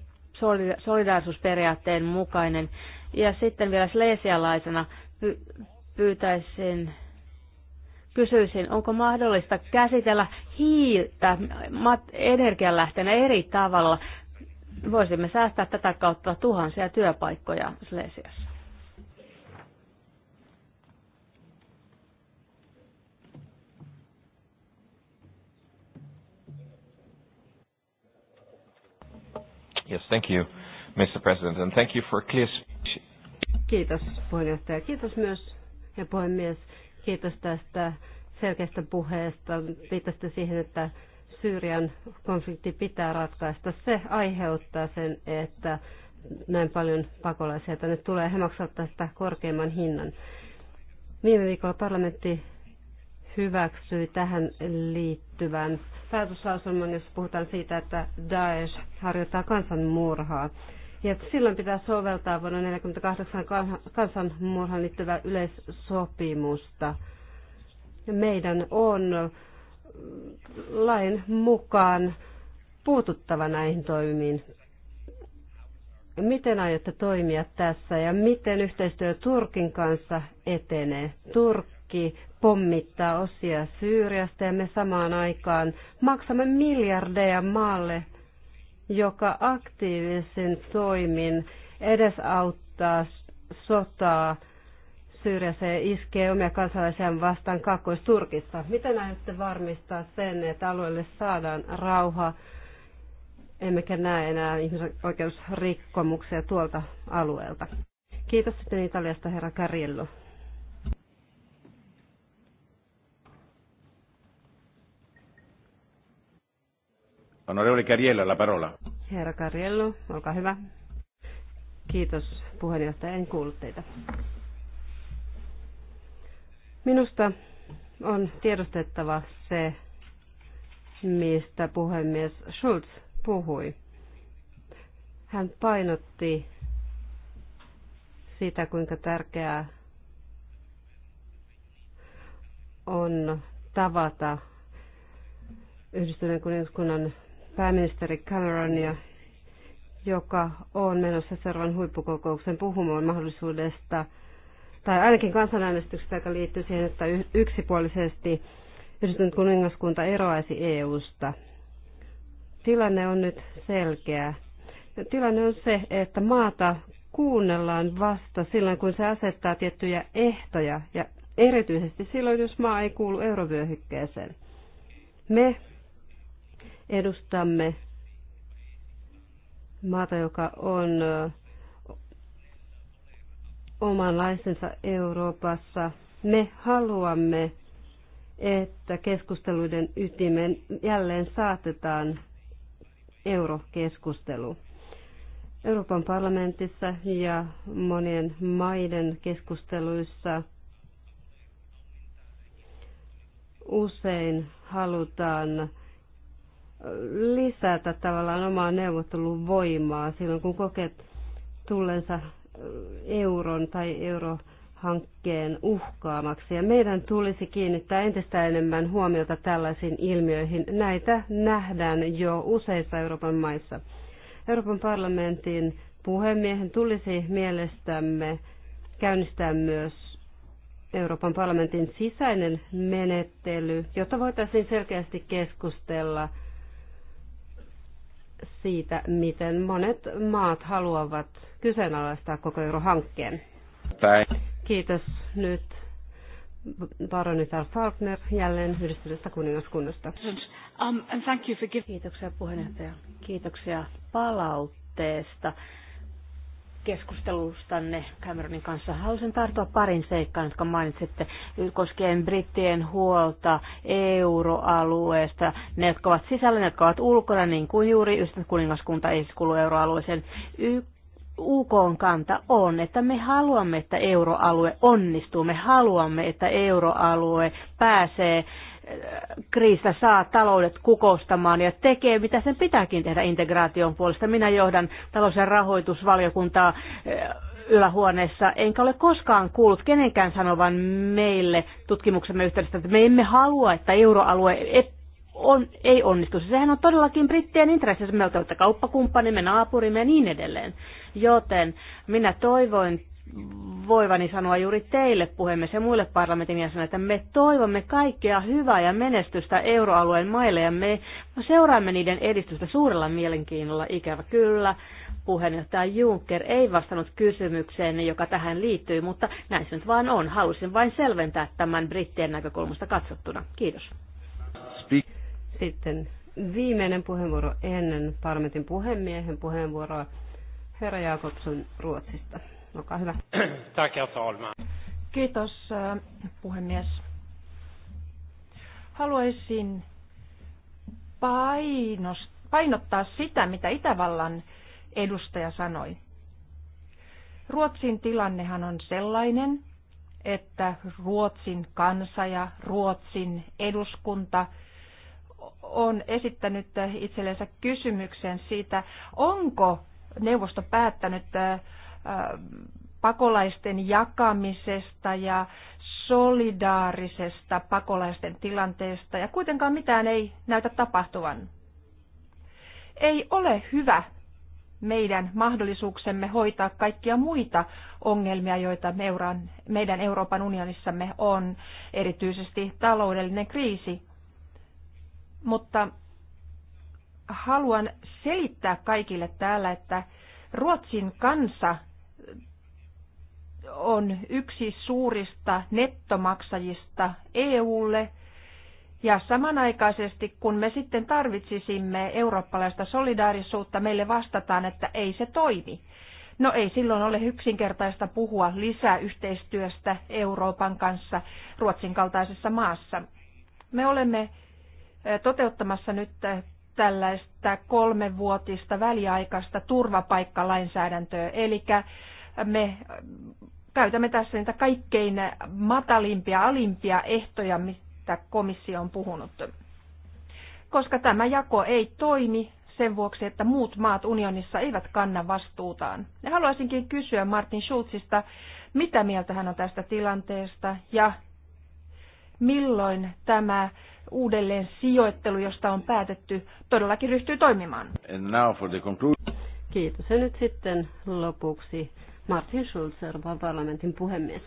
solidaarisuusperiaatteen mukainen. Ja sitten vielä sleesialaisena pyytäisin, kysyisin, onko mahdollista käsitellä hiiltä energianlähteenä eri tavalla. Voisimme säästää tätä kautta tuhansia työpaikkoja Slesiassa. Yes, thank you, Mr. President, and thank you for clear speech. Kiitos puheenjohtaja. Kiitos myös ja puhemies. Kiitos tästä selkeästä puheesta. Viittasitte siihen, että Syyrian konflikti pitää ratkaista. Se aiheuttaa sen, että näin paljon pakolaisia tänne tulee. He maksavat tästä korkeimman hinnan. Viime viikolla parlamentti hyväksyi tähän liittyvän päätöslauselman, jossa puhutaan siitä, että Daesh harjoittaa kansanmurhaa. Ja että silloin pitää soveltaa vuonna 1948 kansanmurhaan liittyvää yleissopimusta. Meidän on lain mukaan puututtava näihin toimiin. Miten aiotte toimia tässä ja miten yhteistyö Turkin kanssa etenee? Turkki pommittaa osia Syyriasta ja me samaan aikaan maksamme miljardeja maalle, joka aktiivisen toimin edesauttaa sotaa Syyriassa ja iskee omia kansalaisiaan vastaan Kakkois-Turkissa. Miten aiotte varmistaa sen, että alueelle saadaan rauha, emmekä näe enää ihmisoikeusrikkomuksia tuolta alueelta? Kiitos sitten Italiasta herra Carillo. Onorevole Carriello, la parola. Herra Carriello, olkaa hyvä. Kiitos puheenjohtaja, en kuullut teitä. Minusta on tiedostettava se, mistä puhemies Schulz puhui. Hän painotti sitä, kuinka tärkeää on tavata yhdistyneen kuningaskunnan pääministeri Cameronia, joka on menossa seuraavan huippukokouksen puhumaan mahdollisuudesta, tai ainakin kansanäänestyksestä, joka liittyy siihen, että yksipuolisesti yhdistynyt kuningaskunta eroaisi EU-sta. Tilanne on nyt selkeä. Tilanne on se, että maata kuunnellaan vasta silloin, kun se asettaa tiettyjä ehtoja, ja erityisesti silloin, jos maa ei kuulu eurovyöhykkeeseen. Me Edustamme maata, joka on omanlaisensa Euroopassa. Me haluamme, että keskusteluiden ytimen jälleen saatetaan eurokeskustelu. Euroopan parlamentissa ja monien maiden keskusteluissa usein halutaan lisätä tavallaan omaa neuvottelun voimaa silloin, kun kokeet tullensa euron tai eurohankkeen uhkaamaksi. Ja meidän tulisi kiinnittää entistä enemmän huomiota tällaisiin ilmiöihin. Näitä nähdään jo useissa Euroopan maissa. Euroopan parlamentin puhemiehen tulisi mielestämme käynnistää myös Euroopan parlamentin sisäinen menettely, jotta voitaisiin selkeästi keskustella – siitä, miten monet maat haluavat kyseenalaistaa koko eurohankkeen. Päin. Kiitos nyt baronitar Faulkner jälleen yhdistyneestä kuningaskunnasta. Um, Kiitoksia puheenjohtaja. Kiitoksia palautteesta keskustelustanne Cameronin kanssa. Haluaisin tarttua parin seikkaan, jotka mainitsitte koskien brittien huolta euroalueesta. Ne, jotka ovat sisällä, ne, jotka ovat ulkona, niin kuin juuri ystävät kuningaskunta ei siis kuulu euroalueeseen. Y- on kanta on, että me haluamme, että euroalue onnistuu. Me haluamme, että euroalue pääsee kriisistä saa taloudet kukostamaan ja tekee, mitä sen pitääkin tehdä integraation puolesta. Minä johdan talous- ja rahoitusvaliokuntaa eh, ylähuoneessa, enkä ole koskaan kuullut kenenkään sanovan meille tutkimuksemme yhteydessä, että me emme halua, että euroalue e- on, ei onnistu. Sehän on todellakin brittien intressissä. Me olemme kauppakumppanimme, naapurimme ja niin edelleen. Joten minä toivoin voivani sanoa juuri teille, puhemies ja muille parlamentin jäsenille, että me toivomme kaikkea hyvää ja menestystä euroalueen maille ja me seuraamme niiden edistystä suurella mielenkiinnolla. Ikävä kyllä, puheenjohtaja Juncker ei vastannut kysymykseen, joka tähän liittyy, mutta näin se nyt vaan on. Halusin vain selventää tämän brittien näkökulmasta katsottuna. Kiitos. Sitten viimeinen puheenvuoro ennen parlamentin puhemiehen puheenvuoroa. Herra Jakobson Ruotsista. Olkaa hyvä. Tack, talman. Kiitos, äh, puhemies. Haluaisin painottaa sitä, mitä Itävallan edustaja sanoi. Ruotsin tilannehan on sellainen, että Ruotsin kansa ja Ruotsin eduskunta on esittänyt itsellensä kysymyksen siitä, onko neuvosto päättänyt äh, pakolaisten jakamisesta ja solidaarisesta pakolaisten tilanteesta ja kuitenkaan mitään ei näytä tapahtuvan. Ei ole hyvä meidän mahdollisuuksemme hoitaa kaikkia muita ongelmia, joita meidän Euroopan unionissamme on, erityisesti taloudellinen kriisi. Mutta haluan selittää kaikille täällä, että Ruotsin kansa on yksi suurista nettomaksajista EUlle. Ja samanaikaisesti, kun me sitten tarvitsisimme eurooppalaista solidaarisuutta, meille vastataan, että ei se toimi. No ei silloin ole yksinkertaista puhua lisää yhteistyöstä Euroopan kanssa Ruotsin kaltaisessa maassa. Me olemme eh, toteuttamassa nyt eh, tällaista kolmevuotista väliaikaista turvapaikkalainsäädäntöä, eli me käytämme tässä niitä kaikkein matalimpia, alimpia ehtoja, mistä komissio on puhunut. Koska tämä jako ei toimi sen vuoksi, että muut maat unionissa eivät kanna vastuutaan. Ja haluaisinkin kysyä Martin Schulzista, mitä mieltä hän on tästä tilanteesta ja milloin tämä uudelleen sijoittelu, josta on päätetty, todellakin ryhtyy toimimaan. Kiitos. Ja nyt sitten lopuksi Martin Schulz, Euroopan parlamentin puhemies.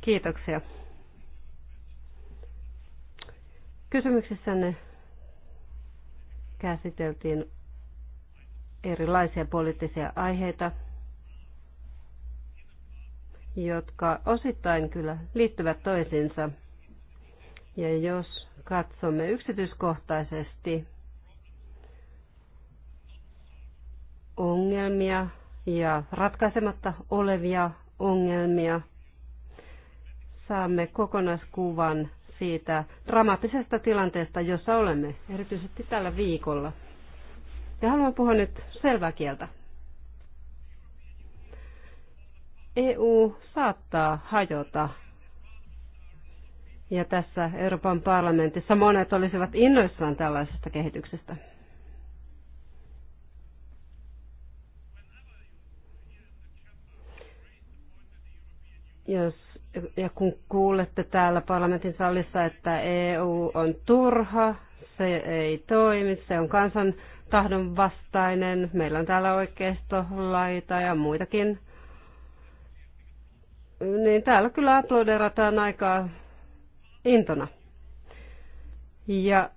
Kiitoksia. Kysymyksissänne käsiteltiin erilaisia poliittisia aiheita, jotka osittain kyllä liittyvät toisiinsa. Ja jos katsomme yksityiskohtaisesti ongelmia, ja ratkaisematta olevia ongelmia. Saamme kokonaiskuvan siitä dramaattisesta tilanteesta, jossa olemme, erityisesti tällä viikolla. Ja haluan puhua nyt selvää kieltä. EU saattaa hajota. Ja tässä Euroopan parlamentissa monet olisivat innoissaan tällaisesta kehityksestä. Jos, ja kun kuulette täällä parlamentin salissa, että EU on turha, se ei toimi, se on kansan tahdon vastainen, meillä on täällä oikeistolaita ja muitakin, niin täällä kyllä aplodeerataan aika intona. Ja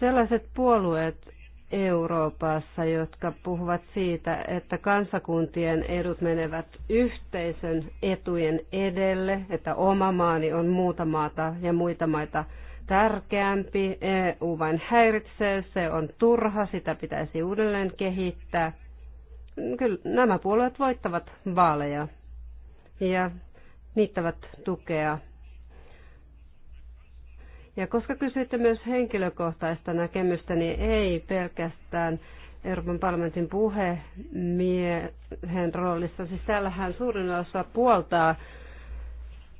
sellaiset puolueet, Euroopassa, jotka puhuvat siitä, että kansakuntien edut menevät yhteisön etujen edelle, että oma maani on muuta maata ja muita maita tärkeämpi, EU vain häiritsee, se on turha, sitä pitäisi uudelleen kehittää. Kyllä nämä puolueet voittavat vaaleja ja niittävät tukea ja koska kysyitte myös henkilökohtaista näkemystä, niin ei pelkästään Euroopan parlamentin puhemiehen roolissa. Siis täällähän suurin osa puoltaa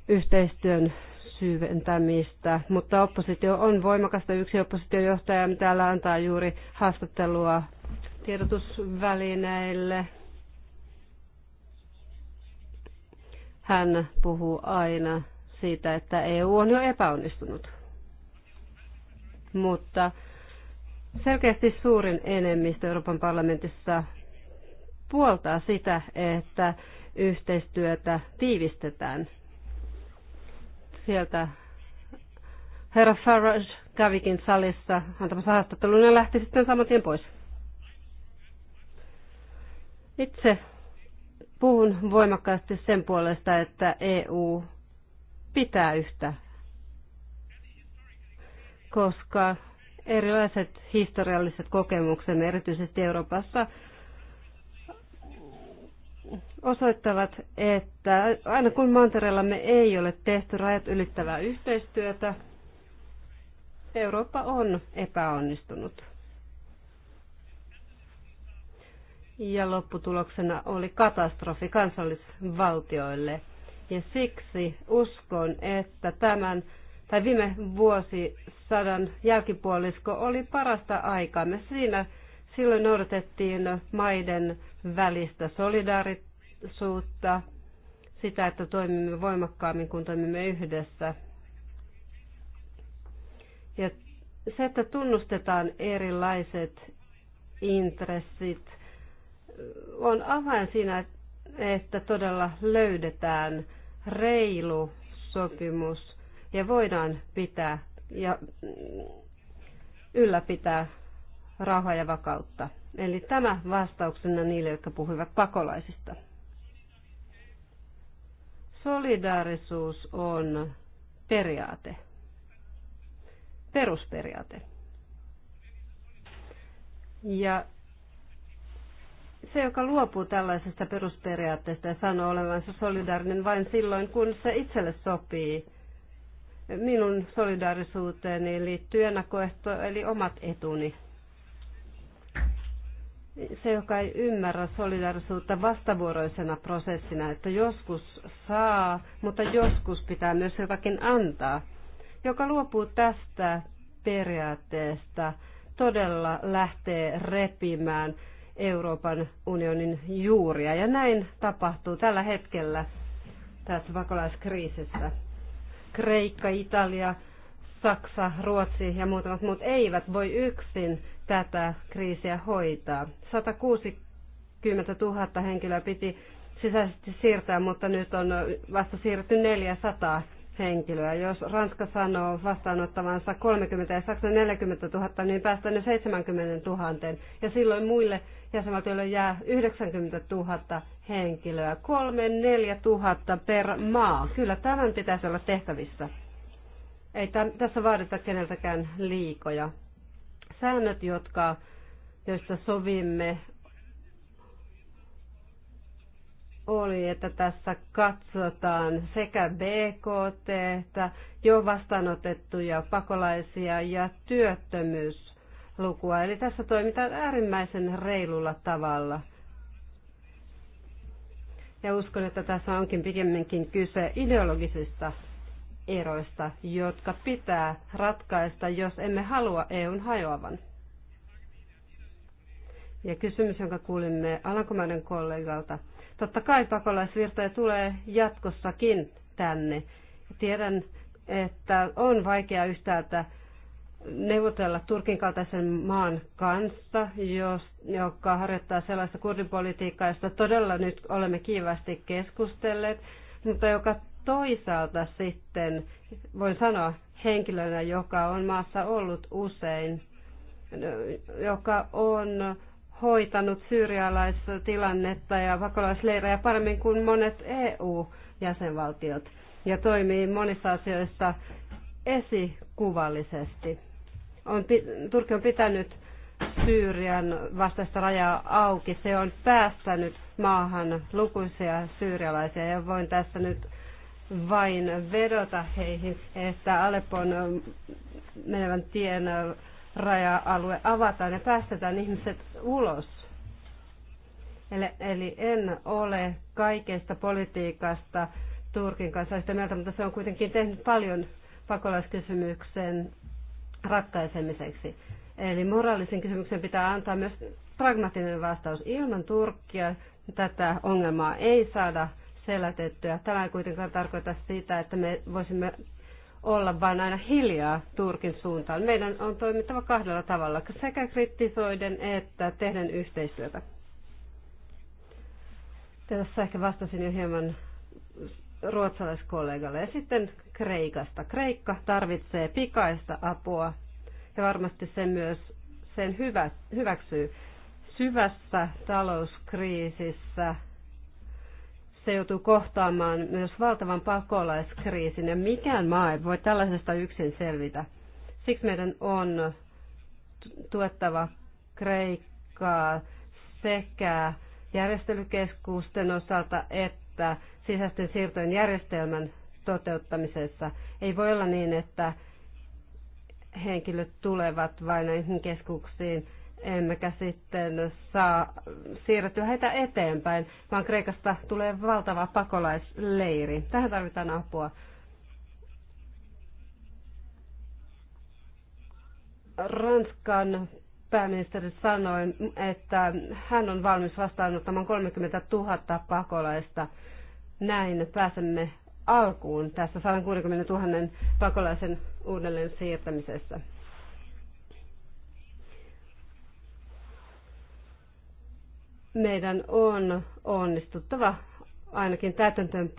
yhteistyön syventämistä, mutta oppositio on voimakasta. Yksi oppositiojohtaja täällä antaa juuri haastattelua tiedotusvälineille. Hän puhuu aina siitä, että EU on jo epäonnistunut mutta selkeästi suurin enemmistö Euroopan parlamentissa puoltaa sitä, että yhteistyötä tiivistetään. Sieltä herra Farage kävikin salissa antamassa haastattelun ja lähti sitten saman tien pois. Itse puhun voimakkaasti sen puolesta, että EU pitää yhtä koska erilaiset historialliset kokemukset erityisesti Euroopassa, osoittavat, että aina kun me ei ole tehty rajat ylittävää yhteistyötä, Eurooppa on epäonnistunut. Ja lopputuloksena oli katastrofi kansallisvaltioille. Ja siksi uskon, että tämän tai viime vuosisadan jälkipuolisko oli parasta aikaa. Me siinä silloin noudatettiin maiden välistä solidaarisuutta, sitä, että toimimme voimakkaammin, kun toimimme yhdessä. Ja se, että tunnustetaan erilaiset intressit, on avain siinä, että todella löydetään reilu sopimus ja voidaan pitää ja ylläpitää rauhaa ja vakautta. Eli tämä vastauksena niille, jotka puhuivat pakolaisista. Solidaarisuus on periaate, perusperiaate. Ja se, joka luopuu tällaisesta perusperiaatteesta ja sanoo olevansa solidaarinen vain silloin, kun se itselle sopii, minun solidaarisuuteeni liittyy ennakkoehto, eli omat etuni. Se, joka ei ymmärrä solidaarisuutta vastavuoroisena prosessina, että joskus saa, mutta joskus pitää myös jotakin antaa, joka luopuu tästä periaatteesta, todella lähtee repimään Euroopan unionin juuria. Ja näin tapahtuu tällä hetkellä tässä pakolaiskriisissä. Kreikka, Italia, Saksa, Ruotsi ja muutamat muut eivät voi yksin tätä kriisiä hoitaa. 160 000 henkilöä piti sisäisesti siirtää, mutta nyt on vasta siirretty 400 henkilöä. Jos Ranska sanoo vastaanottavansa 30 ja Saksa 40 000, niin päästään ne 70 000. Ja silloin muille jäsenvaltioille jää 90 000 henkilöä. 3-4 000 per maa. Kyllä tämän pitäisi olla tehtävissä. Ei tämän, tässä vaadita keneltäkään liikoja. Säännöt, jotka, joista sovimme, oli, että tässä katsotaan sekä BKT, että jo vastaanotettuja pakolaisia ja työttömyyslukua. Eli tässä toimitaan äärimmäisen reilulla tavalla. Ja uskon, että tässä onkin pikemminkin kyse ideologisista eroista, jotka pitää ratkaista, jos emme halua EUn hajoavan. Ja kysymys, jonka kuulimme Alankomaiden kollegalta – Totta kai pakolaisvirtoja tulee jatkossakin tänne. Tiedän, että on vaikea yhtäältä neuvotella Turkin kaltaisen maan kanssa, jos, joka harjoittaa sellaista kurdipolitiikkaa, josta todella nyt olemme kiivästi keskustelleet, mutta joka toisaalta sitten, voin sanoa henkilönä, joka on maassa ollut usein, joka on hoitanut syyrialaistilannetta ja pakolaisleirejä paremmin kuin monet EU-jäsenvaltiot ja toimii monissa asioissa esikuvallisesti. On, Turkki on pitänyt Syyrian vastaista rajaa auki. Se on päästänyt maahan lukuisia syyrialaisia ja voin tässä nyt vain vedota heihin, että Aleppon menevän tien raja-alue avataan ja päästetään ihmiset ulos. Eli, eli en ole kaikesta politiikasta Turkin kanssa sitä mieltä, mutta se on kuitenkin tehnyt paljon pakolaiskysymyksen ratkaisemiseksi. Eli moraalisen kysymyksen pitää antaa myös pragmaattinen vastaus. Ilman Turkkia tätä ongelmaa ei saada selätettyä. Tämä ei kuitenkaan tarkoita sitä, että me voisimme olla vain aina hiljaa Turkin suuntaan. Meidän on toimittava kahdella tavalla, sekä kritisoiden että tehden yhteistyötä. Tässä ehkä vastasin jo hieman ruotsalaiskollegalle. Ja sitten Kreikasta. Kreikka tarvitsee pikaista apua ja varmasti sen myös sen hyvä, hyväksyy syvässä talouskriisissä – se joutuu kohtaamaan myös valtavan pakolaiskriisin ja mikään maa ei voi tällaisesta yksin selvitä. Siksi meidän on tuettava Kreikkaa sekä järjestelykeskusten osalta että sisäisten siirtojen järjestelmän toteuttamisessa. Ei voi olla niin, että henkilöt tulevat vain näihin keskuksiin emmekä sitten saa siirrettyä heitä eteenpäin, vaan Kreikasta tulee valtava pakolaisleiri. Tähän tarvitaan apua. Ranskan pääministeri sanoi, että hän on valmis vastaanottamaan 30 000 pakolaista. Näin pääsemme alkuun tässä 160 000 pakolaisen uudelleen siirtämisessä. meidän on onnistuttava ainakin täytäntöön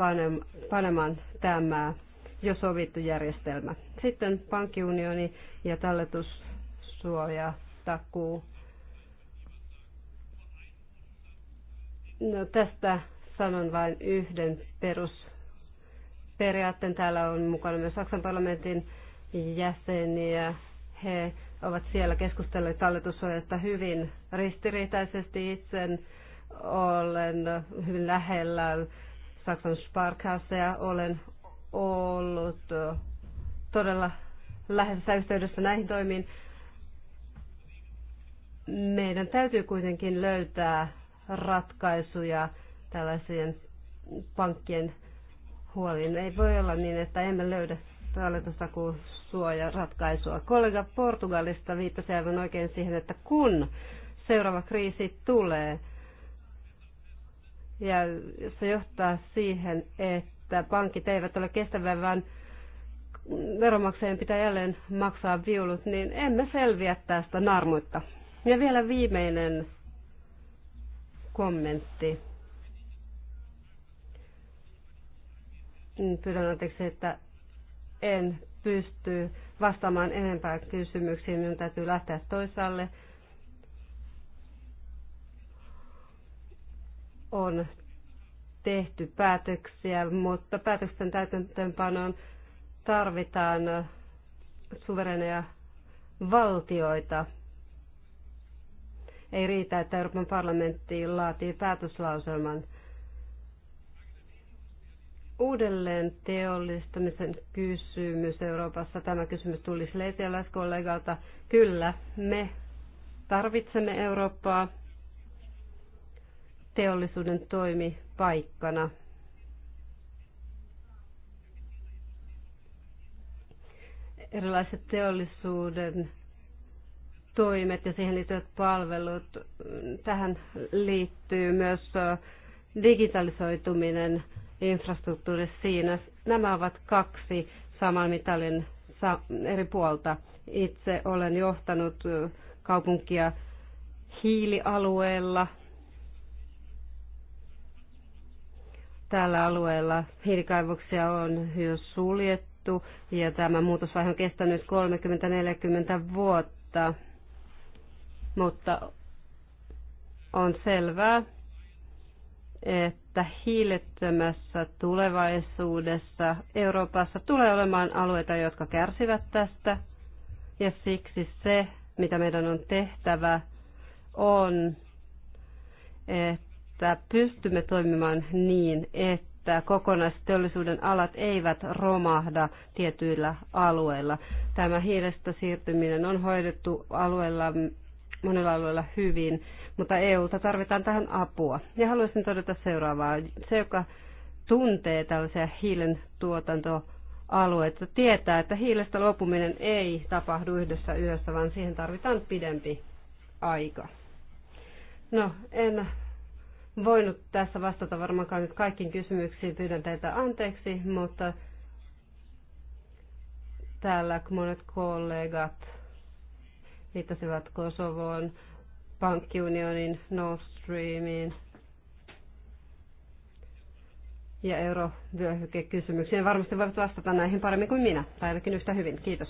panemaan tämä jo sovittu järjestelmä. Sitten pankkiunioni ja talletussuoja takuu. No, tästä sanon vain yhden perusperiaatteen. Täällä on mukana myös Saksan parlamentin jäseniä. He ovat siellä keskustelleet talletussuojasta hyvin ristiriitaisesti itse. Olen hyvin lähellä Saksan ja olen ollut todella läheisessä yhteydessä näihin toimiin. Meidän täytyy kuitenkin löytää ratkaisuja tällaisien pankkien huoliin. Ei voi olla niin, että emme löydä talletustakuusuojaratkaisua. Kollega Portugalista viittasi aivan oikein siihen, että kun seuraava kriisi tulee, ja se johtaa siihen, että pankit eivät ole kestäviä, vaan veronmaksajien pitää jälleen maksaa viulut, niin emme selviä tästä narmuutta. Ja vielä viimeinen kommentti. Pyydän anteeksi, että en pysty vastaamaan enempää kysymyksiin, minun täytyy lähteä toisaalle. On tehty päätöksiä, mutta päätösten täytäntöönpanoon tarvitaan suvereneja valtioita. Ei riitä, että Euroopan parlamentti laatii päätöslauselman – uudelleen teollistamisen kysymys Euroopassa. Tämä kysymys tuli Sleitialaiskollegalta. Kyllä, me tarvitsemme Eurooppaa teollisuuden toimipaikkana. Erilaiset teollisuuden toimet ja siihen liittyvät palvelut. Tähän liittyy myös digitalisoituminen, Infrastruktuurissa siinä. Nämä ovat kaksi saman mitalin eri puolta. Itse olen johtanut kaupunkia hiilialueella. Tällä alueella hiilikaivoksia on jo suljettu ja tämä muutosvaihe on kestänyt 30-40 vuotta. Mutta on selvää, että hiilettömässä tulevaisuudessa Euroopassa tulee olemaan alueita, jotka kärsivät tästä. Ja siksi se, mitä meidän on tehtävä, on, että pystymme toimimaan niin, että kokonaisteollisuuden alat eivät romahda tietyillä alueilla. Tämä hiilestä siirtyminen on hoidettu alueella, monilla alueilla hyvin, mutta EUlta tarvitaan tähän apua. Ja haluaisin todeta seuraavaa. Se, joka tuntee tällaisia hiilen tuotantoalueita, tietää, että hiilestä lopuminen ei tapahdu yhdessä yössä, vaan siihen tarvitaan pidempi aika. No, en voinut tässä vastata varmaankaan nyt kaikkiin kysymyksiin, pyydän teitä anteeksi, mutta täällä monet kollegat viittasivat Kosovoon, pankkiunionin, Nord Streamiin ja eurovyöhykekysymyksiin. Varmasti voivat vastata näihin paremmin kuin minä, tai ainakin yhtä hyvin. Kiitos.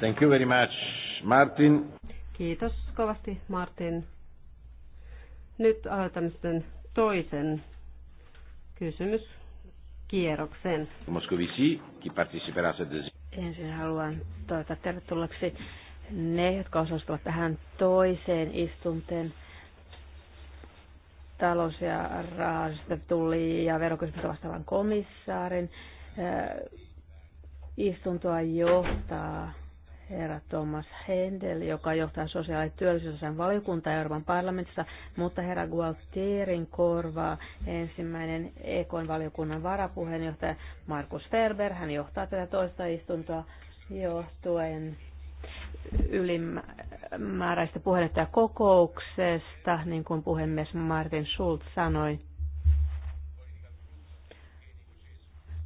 Thank you very much, Martin. Kiitos kovasti, Martin. Nyt aloitamme sitten toisen kysymyskierroksen. Moscovici, qui participera à cette Ensin haluan toivottaa tervetulleeksi ne, jotka osallistuvat tähän toiseen istunteen. Talous- ja rahasta tuli ja verokysymystä vastaavan komissaarin istuntoa johtaa herra Thomas Hendel, joka johtaa sosiaali- ja valiokuntaa Euroopan parlamentissa, mutta herra Gualtierin korvaa ensimmäinen EKn valiokunnan varapuheenjohtaja Markus Ferber. Hän johtaa tätä toista istuntoa johtuen ylimääräistä kokouksesta, niin kuin puhemies Martin Schulz sanoi.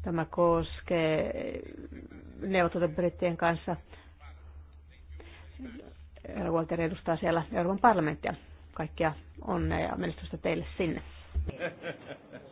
Tämä koskee neuvotteluita brittien kanssa Walter edustaa siellä Euroopan parlamenttia. Kaikkia onnea ja menestystä teille sinne.